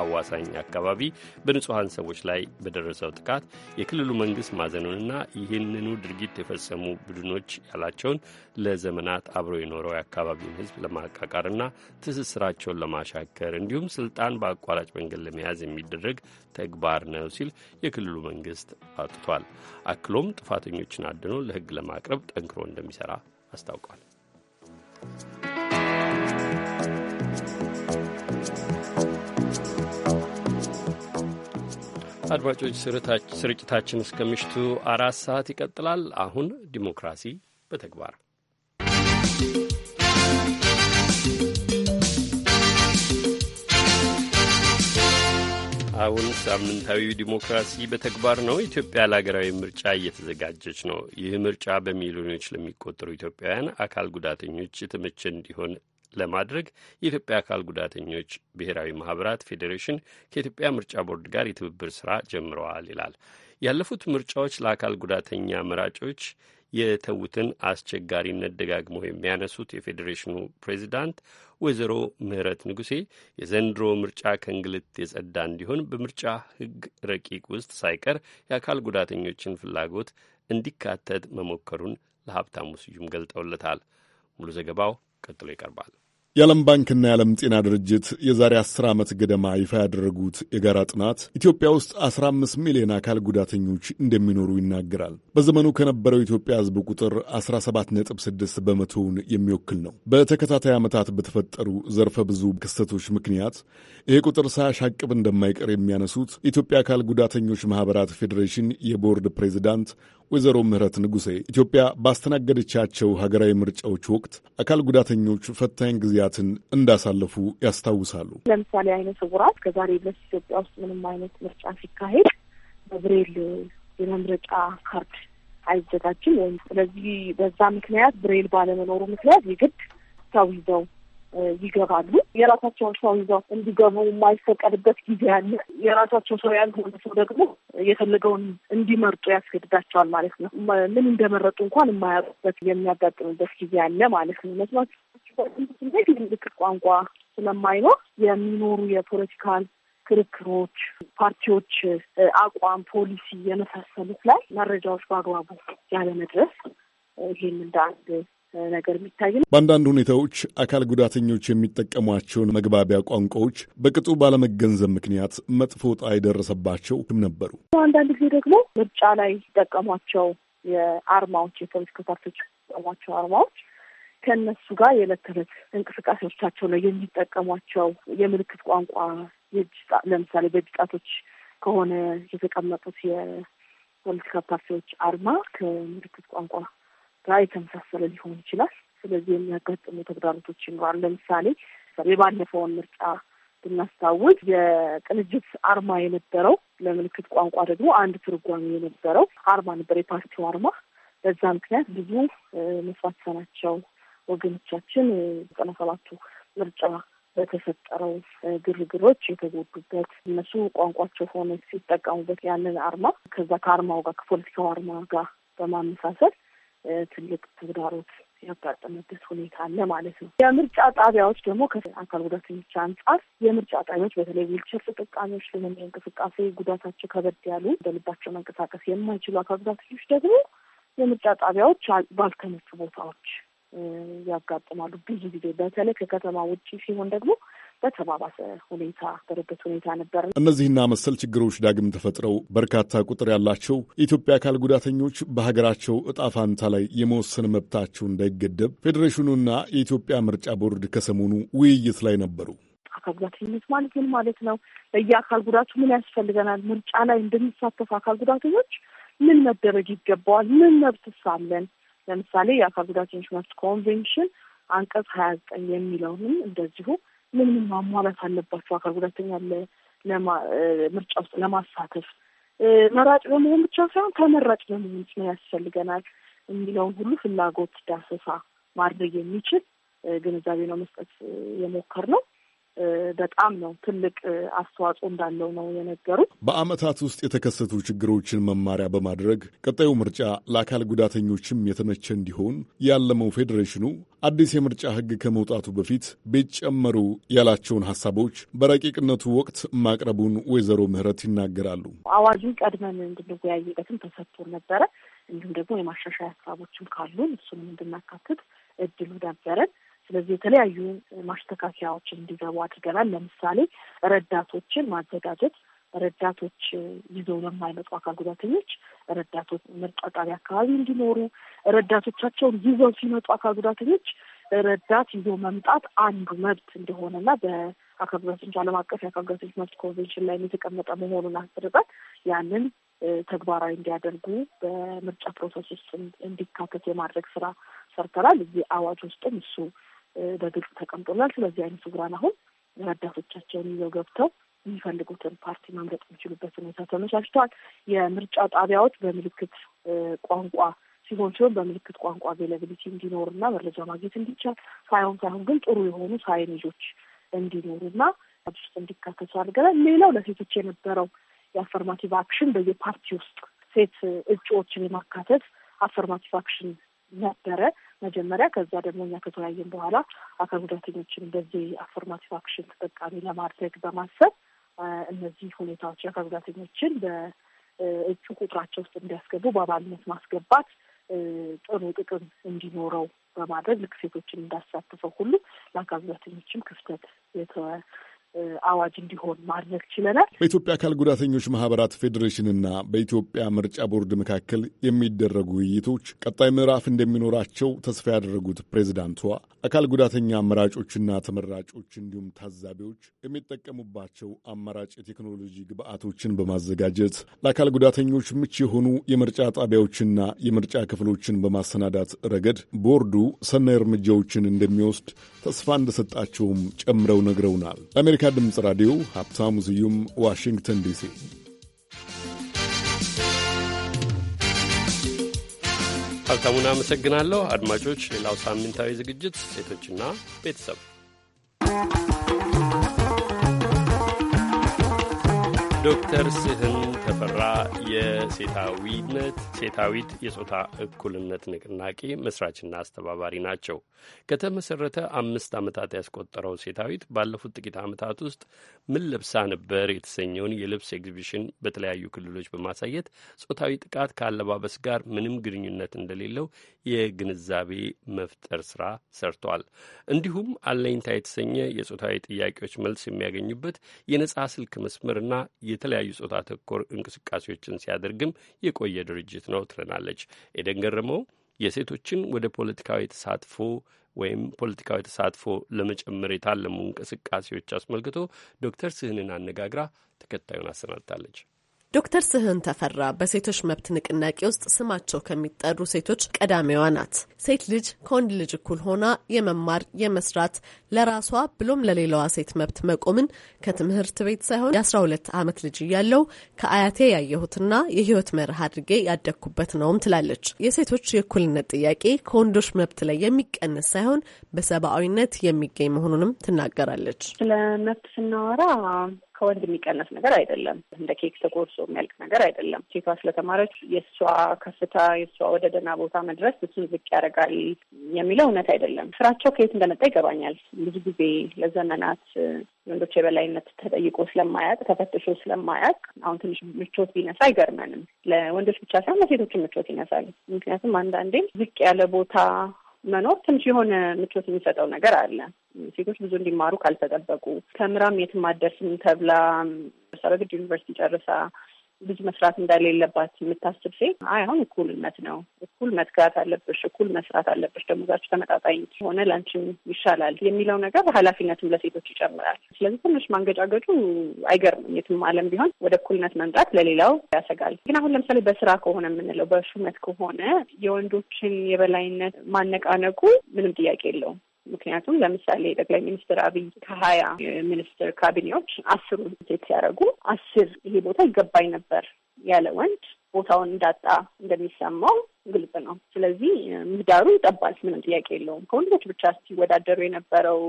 አዋሳኝ አካባቢ በንጹሐን ሰዎች ላይ በደረሰው ጥቃት የክልሉ መንግስት ማዘኑንና ይህንኑ ድርጊት የፈጸሙ ቡድኖች ያላቸውን ለዘመናት አብሮ የኖረው የአካባቢውን ህዝብ ለማቃቃርና ትስስራቸውን ለማሻከር እንዲሁም ስልጣን በአቋራጭ መንገድ ለመያዝ የሚደረግ ተግባር ነው ሲል የክልሉ መንግስት አውጥቷል። አክሎም ጥፋተኞችን አድኖ ለህግ ለማቅረብ ጠንክሮ እንደሚሰራ አስታውቋል። አድማጮች ስርጭታችን እስከ ምሽቱ አራት ሰዓት ይቀጥላል። አሁን ዲሞክራሲ በተግባር አሁን ሳምንታዊ ዲሞክራሲ በተግባር ነው። ኢትዮጵያ ለሀገራዊ ምርጫ እየተዘጋጀች ነው። ይህ ምርጫ በሚሊዮኖች ለሚቆጠሩ ኢትዮጵያውያን አካል ጉዳተኞች የተመቸ እንዲሆን ለማድረግ የኢትዮጵያ አካል ጉዳተኞች ብሔራዊ ማህበራት ፌዴሬሽን ከኢትዮጵያ ምርጫ ቦርድ ጋር የትብብር ስራ ጀምረዋል ይላል። ያለፉት ምርጫዎች ለአካል ጉዳተኛ መራጮች የተዉትን አስቸጋሪነት ደጋግሞ የሚያነሱት የፌዴሬሽኑ ፕሬዚዳንት ወይዘሮ ምህረት ንጉሴ የዘንድሮ ምርጫ ከእንግልት የጸዳ እንዲሆን በምርጫ ሕግ ረቂቅ ውስጥ ሳይቀር የአካል ጉዳተኞችን ፍላጎት እንዲካተት መሞከሩን ለሀብታሙ ስዩም ገልጠውለታል። ሙሉ ዘገባው ቀጥሎ ይቀርባል። የዓለም ባንክና የዓለም ጤና ድርጅት የዛሬ 10 ዓመት ገደማ ይፋ ያደረጉት የጋራ ጥናት ኢትዮጵያ ውስጥ 15 ሚሊዮን አካል ጉዳተኞች እንደሚኖሩ ይናገራል። በዘመኑ ከነበረው ኢትዮጵያ ሕዝብ ቁጥር 17.6 በመቶውን የሚወክል ነው። በተከታታይ ዓመታት በተፈጠሩ ዘርፈ ብዙ ክስተቶች ምክንያት ይህ ቁጥር ሳያሻቅብ እንደማይቀር የሚያነሱት የኢትዮጵያ አካል ጉዳተኞች ማኅበራት ፌዴሬሽን የቦርድ ፕሬዚዳንት ወይዘሮ ምህረት ንጉሴ ኢትዮጵያ ባስተናገደቻቸው ሀገራዊ ምርጫዎች ወቅት አካል ጉዳተኞች ፈታኝ ጊዜያትን እንዳሳለፉ ያስታውሳሉ። ለምሳሌ አይነ ስውራት ከዛሬ ድረስ ኢትዮጵያ ውስጥ ምንም አይነት ምርጫ ሲካሄድ በብሬል የመምረጫ ካርድ አይዘጋጅም ወይም ስለዚህ በዛ ምክንያት ብሬል ባለመኖሩ ምክንያት የግድ ሰው ይዘው ይገባሉ። የራሳቸውን ሰው ይዘው እንዲገቡ የማይፈቀድበት ጊዜ አለ። የራሳቸው ሰው ያልሆነ ሰው ደግሞ የፈለገውን እንዲመርጡ ያስገድዳቸዋል ማለት ነው። ምን እንደመረጡ እንኳን የማያውቁበት የሚያጋጥምበት ጊዜ አለ ማለት ነው። መስማት ቋንቋ ስለማይኖር የሚኖሩ የፖለቲካል ክርክሮች፣ ፓርቲዎች አቋም፣ ፖሊሲ የመሳሰሉት ላይ መረጃዎች በአግባቡ ያለመድረስ ይህን እንደ አንድ ነገር የሚታይ ነው። በአንዳንድ ሁኔታዎች አካል ጉዳተኞች የሚጠቀሟቸውን መግባቢያ ቋንቋዎች በቅጡ ባለመገንዘብ ምክንያት መጥፎ ዕጣ የደረሰባቸውም ነበሩ። አንዳንድ ጊዜ ደግሞ ምርጫ ላይ ሲጠቀሟቸው የአርማዎች የፖለቲካ ፓርቲዎች የሚጠቀሟቸው አርማዎች ከእነሱ ጋር የዕለት ተዕለት እንቅስቃሴዎቻቸው ላይ የሚጠቀሟቸው የምልክት ቋንቋ የእጅ ለምሳሌ በእጅ ጣቶች ከሆነ የተቀመጡት የፖለቲካ ፓርቲዎች አርማ ከምልክት ቋንቋ ጋር የተመሳሰለ ሊሆን ይችላል። ስለዚህ የሚያጋጥሙ ተግዳሮቶች ይኖራል። ለምሳሌ የባለፈውን ምርጫ ብናስታውቅ የቅንጅት አርማ የነበረው ለምልክት ቋንቋ ደግሞ አንድ ትርጓሚ የነበረው አርማ ነበር፣ የፓርቲው አርማ። በዛ ምክንያት ብዙ መስዋዕት ሰናቸው ወገኖቻችን ዘጠና ሰባቱ ምርጫ በተፈጠረው ግርግሮች የተጎዱበት እነሱ ቋንቋቸው ሆነ ሲጠቀሙበት ያንን አርማ ከዛ ከአርማው ጋር ከፖለቲካው አርማ ጋር በማመሳሰል ትልቅ ተግዳሮት ያጋጠመበት ሁኔታ አለ ማለት ነው። የምርጫ ጣቢያዎች ደግሞ ከአካል ጉዳተኞች አንጻር የምርጫ ጣቢያዎች በተለይ ዊልቸር ተጠቃሚዎች ለመሚ እንቅስቃሴ ጉዳታቸው ከበድ ያሉ በልባቸው መንቀሳቀስ የማይችሉ አካል ጉዳተኞች ደግሞ የምርጫ ጣቢያዎች ባልተመቹ ቦታዎች ያጋጥማሉ። ብዙ ጊዜ በተለይ ከከተማ ውጭ ሲሆን ደግሞ በተባባሰ ሁኔታ በረበት ሁኔታ ነበር። እነዚህና መሰል ችግሮች ዳግም ተፈጥረው በርካታ ቁጥር ያላቸው የኢትዮጵያ አካል ጉዳተኞች በሀገራቸው እጣ ፋንታ ላይ የመወሰን መብታቸው እንዳይገደብ ፌዴሬሽኑና የኢትዮጵያ ምርጫ ቦርድ ከሰሞኑ ውይይት ላይ ነበሩ። አካል ጉዳተኝነት ማለት ምን ማለት ነው? በየአካል ጉዳቱ ምን ያስፈልገናል? ምርጫ ላይ እንደሚሳተፉ አካል ጉዳተኞች ምን መደረግ ይገባዋል? ምን መብትስ አለን? ለምሳሌ የአካል ጉዳተኞች መብት ኮንቬንሽን አንቀጽ ሀያ ዘጠኝ የሚለውንም እንደዚሁ ምን ምን ማሟላት አለባቸው አካል ጉዳተኛ ምርጫ ውስጥ ለማሳተፍ መራጭ በመሆን ብቻ ሳይሆን ተመራጭ በመሆን ነው ያስፈልገናል የሚለውን ሁሉ ፍላጎት ዳሰሳ ማድረግ የሚችል ግንዛቤ ነው መስጠት የሞከር ነው። በጣም ነው ትልቅ አስተዋጽኦ እንዳለው ነው የነገሩት። በአመታት ውስጥ የተከሰቱ ችግሮችን መማሪያ በማድረግ ቀጣዩ ምርጫ ለአካል ጉዳተኞችም የተመቸ እንዲሆን ያለመው ፌዴሬሽኑ አዲስ የምርጫ ህግ ከመውጣቱ በፊት ቢጨመሩ ያላቸውን ሀሳቦች በረቂቅነቱ ወቅት ማቅረቡን ወይዘሮ ምህረት ይናገራሉ። አዋጁን ቀድመን እንድንወያይበትም ተሰጥቶ ነበረ። እንዲሁም ደግሞ የማሻሻያ ሀሳቦችም ካሉን እሱንም እንድናካትት እድሉ ነበረን። ስለዚህ የተለያዩ ማስተካከያዎችን እንዲገቡ አድርገናል። ለምሳሌ ረዳቶችን ማዘጋጀት ረዳቶች ይዘው ለማይመጡ አካል ጉዳተኞች ረዳቶች መጣጣሪ አካባቢ እንዲኖሩ ረዳቶቻቸውን ይዘው ሲመጡ አካል ጉዳተኞች ረዳት ይዞ መምጣት አንዱ መብት እንደሆነና በአካል ጉዳተኞች ዓለም አቀፍ የአካል ጉዳተኞች መብት ኮንቬንሽን ላይ የተቀመጠ መሆኑን አስረዳት ያንን ተግባራዊ እንዲያደርጉ በምርጫ ፕሮሰስ ውስጥ እንዲካተት የማድረግ ስራ ሰርተናል። እዚህ አዋጅ ውስጥም እሱ በግልጽ ተቀምጦላል። ስለዚህ አይነ ስውራን አሁን ረዳቶቻቸውን ይዘው ገብተው የሚፈልጉትን ፓርቲ መምረጥ የሚችሉበት ሁኔታ ተመቻችቷል። የምርጫ ጣቢያዎች በምልክት ቋንቋ ሲሆን ሲሆን በምልክት ቋንቋ አቬላብሊቲ እንዲኖር እንዲኖርና መረጃ ማግኘት እንዲቻል ሳይሆን ሳይሆን ግን ጥሩ የሆኑ ሳይኔጆች እንዲኖሩ አዲስ ውስጥ እንዲካተቱ አድርገናል። ሌላው ለሴቶች የነበረው የአፈርማቲቭ አክሽን በየፓርቲ ውስጥ ሴት እጩዎችን የማካተት አፈርማቲቭ አክሽን ነበረ መጀመሪያ። ከዛ ደግሞ እኛ ከተወያየን በኋላ አካል ጉዳተኞችን በዚህ አፎርማቲቭ አክሽን ተጠቃሚ ለማድረግ በማሰብ እነዚህ ሁኔታዎች የአካል ጉዳተኞችን በእጩ ቁጥራቸው ውስጥ እንዲያስገቡ በአባልነት ማስገባት ጥሩ ጥቅም እንዲኖረው በማድረግ ልክ ሴቶችን እንዳሳትፈው ሁሉ ለአካል ጉዳተኞችም ክፍተት የተወ አዋጅ እንዲሆን ማድረግ ችለናል። በኢትዮጵያ አካል ጉዳተኞች ማህበራት ፌዴሬሽንና በኢትዮጵያ ምርጫ ቦርድ መካከል የሚደረጉ ውይይቶች ቀጣይ ምዕራፍ እንደሚኖራቸው ተስፋ ያደረጉት ፕሬዚዳንቷ አካል ጉዳተኛ አመራጮችና ተመራጮች እንዲሁም ታዛቢዎች የሚጠቀሙባቸው አማራጭ የቴክኖሎጂ ግብዓቶችን በማዘጋጀት ለአካል ጉዳተኞች ምች የሆኑ የምርጫ ጣቢያዎችና የምርጫ ክፍሎችን በማሰናዳት ረገድ ቦርዱ ሰናይ እርምጃዎችን እንደሚወስድ ተስፋ እንደሰጣቸውም ጨምረው ነግረውናል። ከአሜሪካ ድምፅ ራዲዮ ሀብታሙ ስዩም ዋሽንግተን ዲሲ። ሀብታሙን አመሰግናለሁ። አድማጮች፣ ሌላው ሳምንታዊ ዝግጅት ሴቶችና ቤተሰብ ዶክተር ስህን ተፈራ የሴታዊነት ሴታዊት የጾታ እኩልነት ንቅናቄ መስራችና አስተባባሪ ናቸው። ከተመሰረተ አምስት ዓመታት ያስቆጠረው ሴታዊት ባለፉት ጥቂት ዓመታት ውስጥ ምን ለብሳ ነበር የተሰኘውን የልብስ ኤግዚቢሽን በተለያዩ ክልሎች በማሳየት ጾታዊ ጥቃት ከአለባበስ ጋር ምንም ግንኙነት እንደሌለው የግንዛቤ መፍጠር ስራ ሰርቷል። እንዲሁም አለኝታ የተሰኘ የጾታዊ ጥያቄዎች መልስ የሚያገኙበት የነጻ ስልክ መስመርና የተለያዩ ጾታ ተኮር እንቅስቃሴዎችን ሲያደርግም የቆየ ድርጅት ነው ትለናለች ኤደን ገረመው። የሴቶችን ወደ ፖለቲካዊ ተሳትፎ ወይም ፖለቲካዊ ተሳትፎ ለመጨመር የታለሙ እንቅስቃሴዎች አስመልክቶ ዶክተር ስህንን አነጋግራ ተከታዩን አሰናድታለች። ዶክተር ስህን ተፈራ በሴቶች መብት ንቅናቄ ውስጥ ስማቸው ከሚጠሩ ሴቶች ቀዳሚዋ ናት። ሴት ልጅ ከወንድ ልጅ እኩል ሆና የመማር የመስራት፣ ለራሷ ብሎም ለሌላዋ ሴት መብት መቆምን ከትምህርት ቤት ሳይሆን የአስራ ሁለት ዓመት ልጅ እያለው ከአያቴ ያየሁትና የህይወት መርህ አድርጌ ያደግኩበት ነውም ትላለች። የሴቶች የእኩልነት ጥያቄ ከወንዶች መብት ላይ የሚቀንስ ሳይሆን በሰብአዊነት የሚገኝ መሆኑንም ትናገራለች። ስለ መብት ስናወራ ከወንድ የሚቀነስ ነገር አይደለም። እንደ ኬክ ተቆርሶ የሚያልቅ ነገር አይደለም። ሴቷ ስለተማረች የእሷ ከፍታ የእሷ ወደ ደህና ቦታ መድረስ እሱን ዝቅ ያደርጋል የሚለው እውነት አይደለም። ስራቸው ከየት እንደመጣ ይገባኛል። ብዙ ጊዜ ለዘመናት ወንዶች የበላይነት ተጠይቆ ስለማያውቅ ተፈትሾ ስለማያውቅ አሁን ትንሽ ምቾት ቢነሳ አይገርመንም። ለወንዶች ብቻ ሳይሆን ለሴቶችን ምቾት ይነሳል። ምክንያቱም አንዳንዴ ዝቅ ያለ ቦታ መኖር ትንሽ የሆነ ምቾት የሚሰጠው ነገር አለ። ሴቶች ብዙ እንዲማሩ ካልተጠበቁ ተምራም የትም አትደርስም ተብላ ሰረግድ ዩኒቨርሲቲ ጨርሳ ብዙ መስራት እንደሌለባት የምታስብ ሴት አይ አሁን እኩልነት ነው፣ እኩል መትጋት አለብሽ፣ እኩል መስራት አለብሽ፣ ደሞዛችሁ ተመጣጣኝ ሆነ ለአንቺም ይሻላል የሚለው ነገር ኃላፊነትም ለሴቶች ይጨምራል። ስለዚህ ትንሽ ማንገጫገጩ አይገርምም። የትም ዓለም ቢሆን ወደ እኩልነት መምጣት ለሌላው ያሰጋል። ግን አሁን ለምሳሌ በስራ ከሆነ የምንለው በሹመት ከሆነ የወንዶችን የበላይነት ማነቃነቁ ምንም ጥያቄ የለውም። ምክንያቱም ለምሳሌ ጠቅላይ ሚኒስትር አብይ ከሀያ ሚኒስትር ካቢኔዎች አስሩን ሴት ሲያደርጉ አስር ይሄ ቦታ ይገባኝ ነበር ያለ ወንድ ቦታውን እንዳጣ እንደሚሰማው ግልጽ ነው። ስለዚህ ምህዳሩ ይጠባል፣ ምንም ጥያቄ የለውም። ከወንዶች ብቻ ሲወዳደሩ የነበረው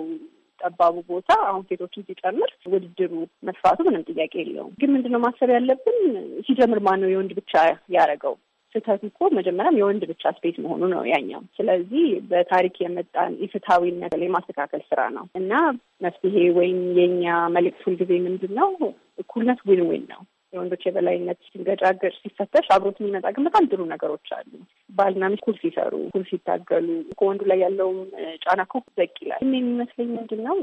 ጠባቡ ቦታ አሁን ሴቶችን ሲጨምር ውድድሩ መስፋቱ ምንም ጥያቄ የለውም። ግን ምንድነው ማሰብ ያለብን ሲጀምር ማነው የወንድ ብቻ ያደረገው ስህተት እኮ መጀመሪያም የወንድ ብቻ ስፔስ መሆኑ ነው ያኛው። ስለዚህ በታሪክ የመጣን ኢፍትሐዊነት የማስተካከል ስራ ነው እና መፍትሄ ወይም የኛ መልእክት ሁልጊዜ ምንድን ነው? እኩልነት ዊን ዊን ነው። የወንዶች የበላይነት ሲንገዳገር ሲፈተሽ አብሮት የሚመጣ ግን በጣም ጥሩ ነገሮች አሉ። ባልና ሚስት እኩል ሲሰሩ፣ እኩል ሲታገሉ ከወንዱ ላይ ያለውም ጫና እኮ ዘቅ ይላል። ይህም የሚመስለኝ ምንድን ነው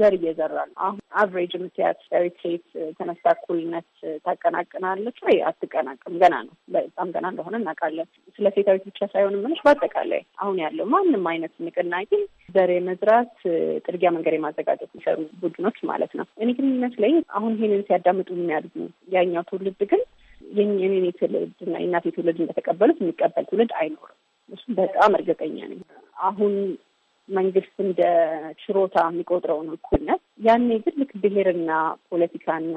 ዘር እየዘራ ነው። አሁን አቨሬጅ የምትያት ዳዊት ሴት ተነስታ እኩልነት ታቀናቅናለች ወይ? አትቀናቅም። ገና ነው፣ በጣም ገና እንደሆነ እናውቃለን። ስለ ሴታዊት ብቻ ሳይሆን ምንሽ በአጠቃላይ አሁን ያለው ማንም አይነት ንቅናቄ ዘሬ መዝራት ጥርጊያ መንገድ የማዘጋጀት የሚሰሩ ቡድኖች ማለት ነው። እኔ ግን የሚመስለኝ አሁን ይሄንን ሲያዳምጡ የሚያድጉ ያኛው ትውልድ ግን የኔ ትውልድና የእናቴ ትውልድ እንደተቀበሉት የሚቀበል ትውልድ አይኖርም። እሱም በጣም እርግጠኛ ነኝ። አሁን መንግስት እንደ ችሮታ የሚቆጥረውን እኩልነት ያኔ ግን ልክ ብሔርና ፖለቲካና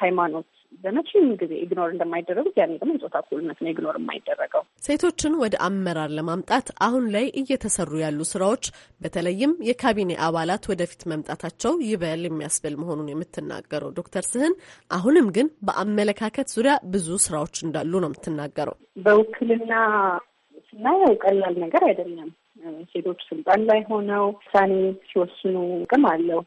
ሃይማኖት በመቼም ጊዜ ኢግኖር እንደማይደረጉት ያኔ ደግሞ የጾታ እኩልነት ነው ኢግኖር የማይደረገው። ሴቶችን ወደ አመራር ለማምጣት አሁን ላይ እየተሰሩ ያሉ ስራዎች በተለይም የካቢኔ አባላት ወደፊት መምጣታቸው ይበል የሚያስብል መሆኑን የምትናገረው ዶክተር ስህን አሁንም ግን በአመለካከት ዙሪያ ብዙ ስራዎች እንዳሉ ነው የምትናገረው። በውክልና ስናየው ቀላል ነገር አይደለም። ሴቶች ስልጣን ላይ ሆነው ውሳኔ ሲወስኑ ቅም አለው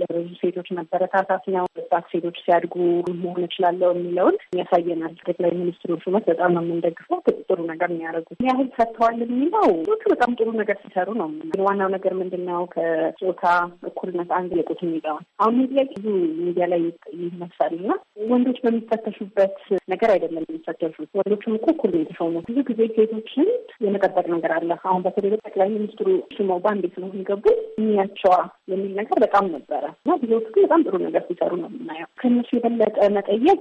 ለብዙ ሴቶች መበረታታት ነው። ወጣት ሴቶች ሲያድጉ መሆን እችላለሁ የሚለውን ያሳየናል። ጠቅላይ ሚኒስትሩ ሹመት በጣም ነው የምንደግፈው። ጥሩ ነገር የሚያደርጉት ያህል ሰጥተዋል የሚለው በጣም ጥሩ ነገር ሲሰሩ ነው። ግን ዋናው ነገር ምንድን ነው? ከጾታ እኩልነት አንድ የቁት የሚለዋል አሁን ዚ ላይ ብዙ ሚዲያ ላይ ይመስላል እና ወንዶች በሚፈተሹበት ነገር አይደለም የሚፈተሹት። ወንዶችም እኮ እኩል ነው የተሾሙት። ብዙ ጊዜ ሴቶችን የመጠበቅ ነገር አለ። አሁን በተለይ ጠቅላይ ሚኒስትሩ ሹመው በአንዴ ስለሆን ገቡ እሚያቸዋ የሚል ነገር በጣም ነበረ እና ብዙዎቹ ግን በጣም ጥሩ ነገር ሲሰሩ ነው የምናየው። ከእነሱ የበለጠ መጠየቅ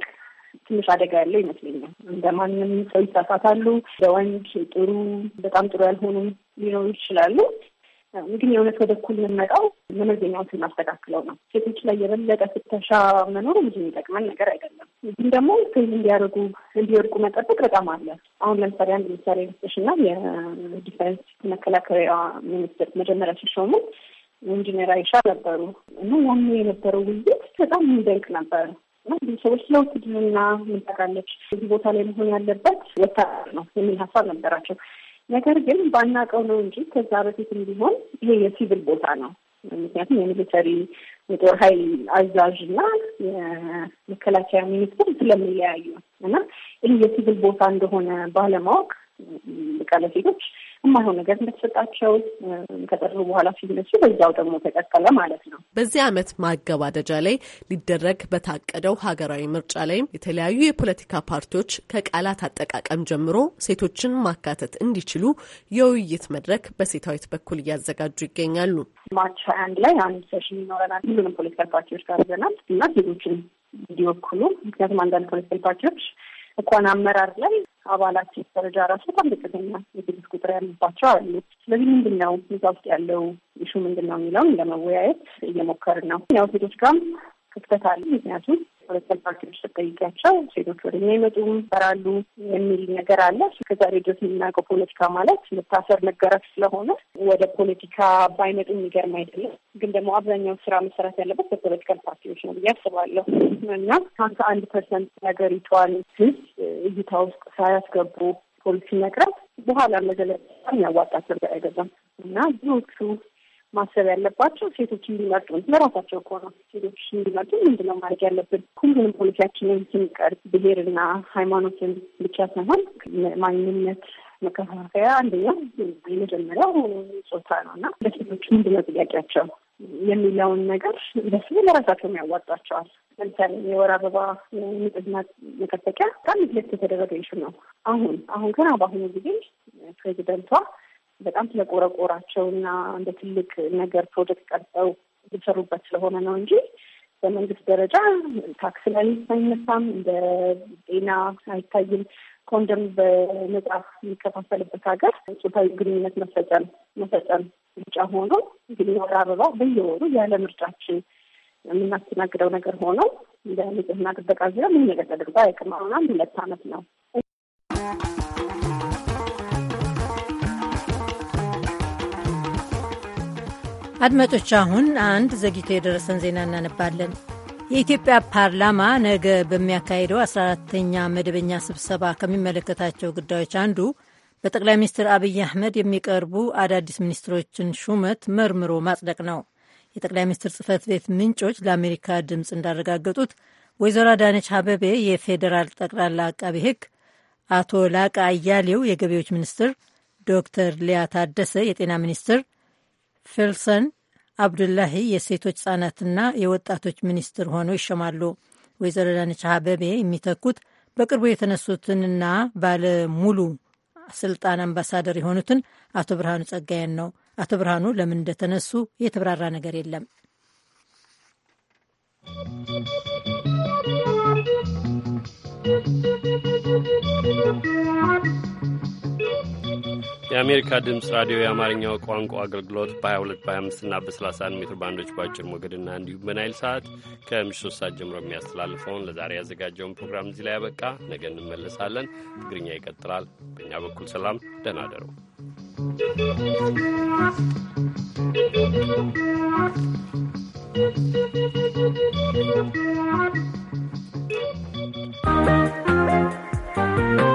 ትንሽ አደጋ ያለው ይመስለኛል። እንደ ማንም ሰው ይሳሳታሉ። በወንድ ጥሩ፣ በጣም ጥሩ ያልሆኑ ሊኖሩ ይችላሉ። ግን የእውነት ወደ እኩል የምንመጣው መመዘኛውን ስናስተካክለው ነው። ሴቶች ላይ የበለጠ ፍተሻ መኖሩ ብዙ የሚጠቅመን ነገር አይደለም። ግን ደግሞ ፌዝ እንዲያደርጉ እንዲወድቁ መጠበቅ በጣም አለ። አሁን ለምሳሌ አንድ ምሳሌ ልስጥሽ እና የዲፌንስ መከላከያ ሚኒስትር መጀመሪያ ሲሾሙ ኢንጂነር አይሻ ነበሩ እና ያን የነበረው ውይይት በጣም የሚደንቅ ነበር። ሰዎች ስለ ምን ታውቃለች፣ እዚህ ቦታ ላይ መሆን ያለበት ወታደር ነው የሚል ሀሳብ ነበራቸው። ነገር ግን ባናውቀው ነው እንጂ ከዛ በፊትም ቢሆን ይሄ የሲቪል ቦታ ነው። ምክንያቱም የሚሊተሪ የጦር ኃይል አዛዥ እና የመከላከያ ሚኒስትር ስለሚለያዩ እና ይህ የሲቪል ቦታ እንደሆነ ባለማወቅ በቃ ለሴቶች የማይሆን ነገር እንደተሰጣቸው ከጠሩ በኋላ ሲነሱ በዚያው ደግሞ ተቀጠለ ማለት ነው። በዚህ ዓመት ማገባደጃ ላይ ሊደረግ በታቀደው ሀገራዊ ምርጫ ላይም የተለያዩ የፖለቲካ ፓርቲዎች ከቃላት አጠቃቀም ጀምሮ ሴቶችን ማካተት እንዲችሉ የውይይት መድረክ በሴታዊት በኩል እያዘጋጁ ይገኛሉ። ማርች ሀያ አንድ ላይ አንድ ሴሽን ይኖረናል። ሁሉንም ፖለቲካል ፓርቲዎች ጋር ይዘናል እና ሴቶችን እንዲወክሉ ምክንያቱም አንዳንድ ፖለቲካል ፓርቲዎች እንኳን አመራር ላይ አባላት ደረጃ ራሱ በጣም ዝቅተኛ የትግስት ቁጥር ያሉባቸው አሉ። ስለዚህ ምንድን ነው እዛ ውስጥ ያለው ኢሹ ምንድን ነው የሚለውን ለመወያየት እየሞከርን ነው። ያው ሴቶች ጋርም ክፍተት አለ። ምክንያቱም ፖለቲካል ፓርቲዎች ስጠይቂያቸው ሴቶች ወደ እኛ ይመጡ ይሰራሉ የሚል ነገር አለ። ከዛሬ ድረስ የምናውቀው ፖለቲካ ማለት መታሰር፣ መገረፍ ስለሆነ ወደ ፖለቲካ ባይመጡ የሚገርም አይደለም። ግን ደግሞ አብዛኛው ስራ መሰራት ያለበት በፖለቲካል ፓርቲዎች ነው ብዬ አስባለሁ እና ሀምሳ አንድ ፐርሰንት ሀገሪቷን ህዝብ እይታ ውስጥ ሳያስገቡ ፖሊሲ መቅረብ በኋላ መገለጫ የሚያዋጣ ነገር አይደለም እና ብዙዎቹ ማሰብ ያለባቸው ሴቶች እንዲመርጡ ለራሳቸው ከሆነ ሴቶች እንዲመርጡ ምንድነው ማድረግ ያለብን? ሁሉንም ፖሊሲያችንን ስንቀርጽ ብሔርና ሃይማኖትን ብቻ ሳይሆን ማንነት መከፋፈያ አንደኛው የመጀመሪያው ጾታ ነው እና ለሴቶች ምንድነው ጥያቄያቸው የሚለውን ነገር ለስ ለራሳቸው ያዋጣቸዋል። ለምሳሌ የወር አበባ ንጽህና መጠበቂያ በጣም ግልጽ የተደረገ ይሹ ነው። አሁን አሁን ግን በአሁኑ ጊዜ ፕሬዚደንቷ በጣም ስለቆረቆራቸው እና እንደ ትልቅ ነገር ፕሮጀክት ቀርጸው እየሰሩበት ስለሆነ ነው እንጂ በመንግስት ደረጃ ታክስ ላይ አይነሳም፣ እንደ ጤና አይታይም። ኮንደም በነጻ የሚከፋፈልበት ሀገር ጾታዊ ግንኙነት መፈጸም መፈጸም ምርጫ ሆኖ እንግዲህ ወር አበባ በየወሩ ያለ ምርጫችን የምናስተናግደው ነገር ሆኖ እንደ ንጽህና ጥበቃ ዙሪያ ምን ነገር ተደርጎ አይቅም። አሁን ሁለት አመት ነው። አድማጮች፣ አሁን አንድ ዘግይቶ የደረሰን ዜና እናነባለን። የኢትዮጵያ ፓርላማ ነገ በሚያካሂደው 14ተኛ መደበኛ ስብሰባ ከሚመለከታቸው ጉዳዮች አንዱ በጠቅላይ ሚኒስትር አብይ አህመድ የሚቀርቡ አዳዲስ ሚኒስትሮችን ሹመት መርምሮ ማጽደቅ ነው። የጠቅላይ ሚኒስትር ጽህፈት ቤት ምንጮች ለአሜሪካ ድምፅ እንዳረጋገጡት ወይዘሮ አዳነች አበቤ የፌዴራል ጠቅላላ አቃቢ ህግ፣ አቶ ላቃ አያሌው የገቢዎች ሚኒስትር፣ ዶክተር ሊያ ታደሰ የጤና ሚኒስትር ፊልሰን አብዱላሂ የሴቶች ህጻናትና የወጣቶች ሚኒስትር ሆነው ይሸማሉ ወይዘሮ ዳነች አበቤ የሚተኩት በቅርቡ የተነሱትንና ባለሙሉ ስልጣን አምባሳደር የሆኑትን አቶ ብርሃኑ ጸጋዬን ነው። አቶ ብርሃኑ ለምን እንደተነሱ የተብራራ ነገር የለም። Thank you. የአሜሪካ ድምፅ ራዲዮ የአማርኛው ቋንቋ አገልግሎት በ22 በ25ና በ31 ሜትር ባንዶች በአጭር ሞገድና እንዲሁም በናይል ሰዓት ከምሽቱ ሶስት ሰዓት ጀምሮ የሚያስተላልፈውን ለዛሬ ያዘጋጀውን ፕሮግራም እዚህ ላይ ያበቃ። ነገ እንመለሳለን። ትግርኛ ይቀጥላል። በእኛ በኩል ሰላም፣ ደህና አደሩ።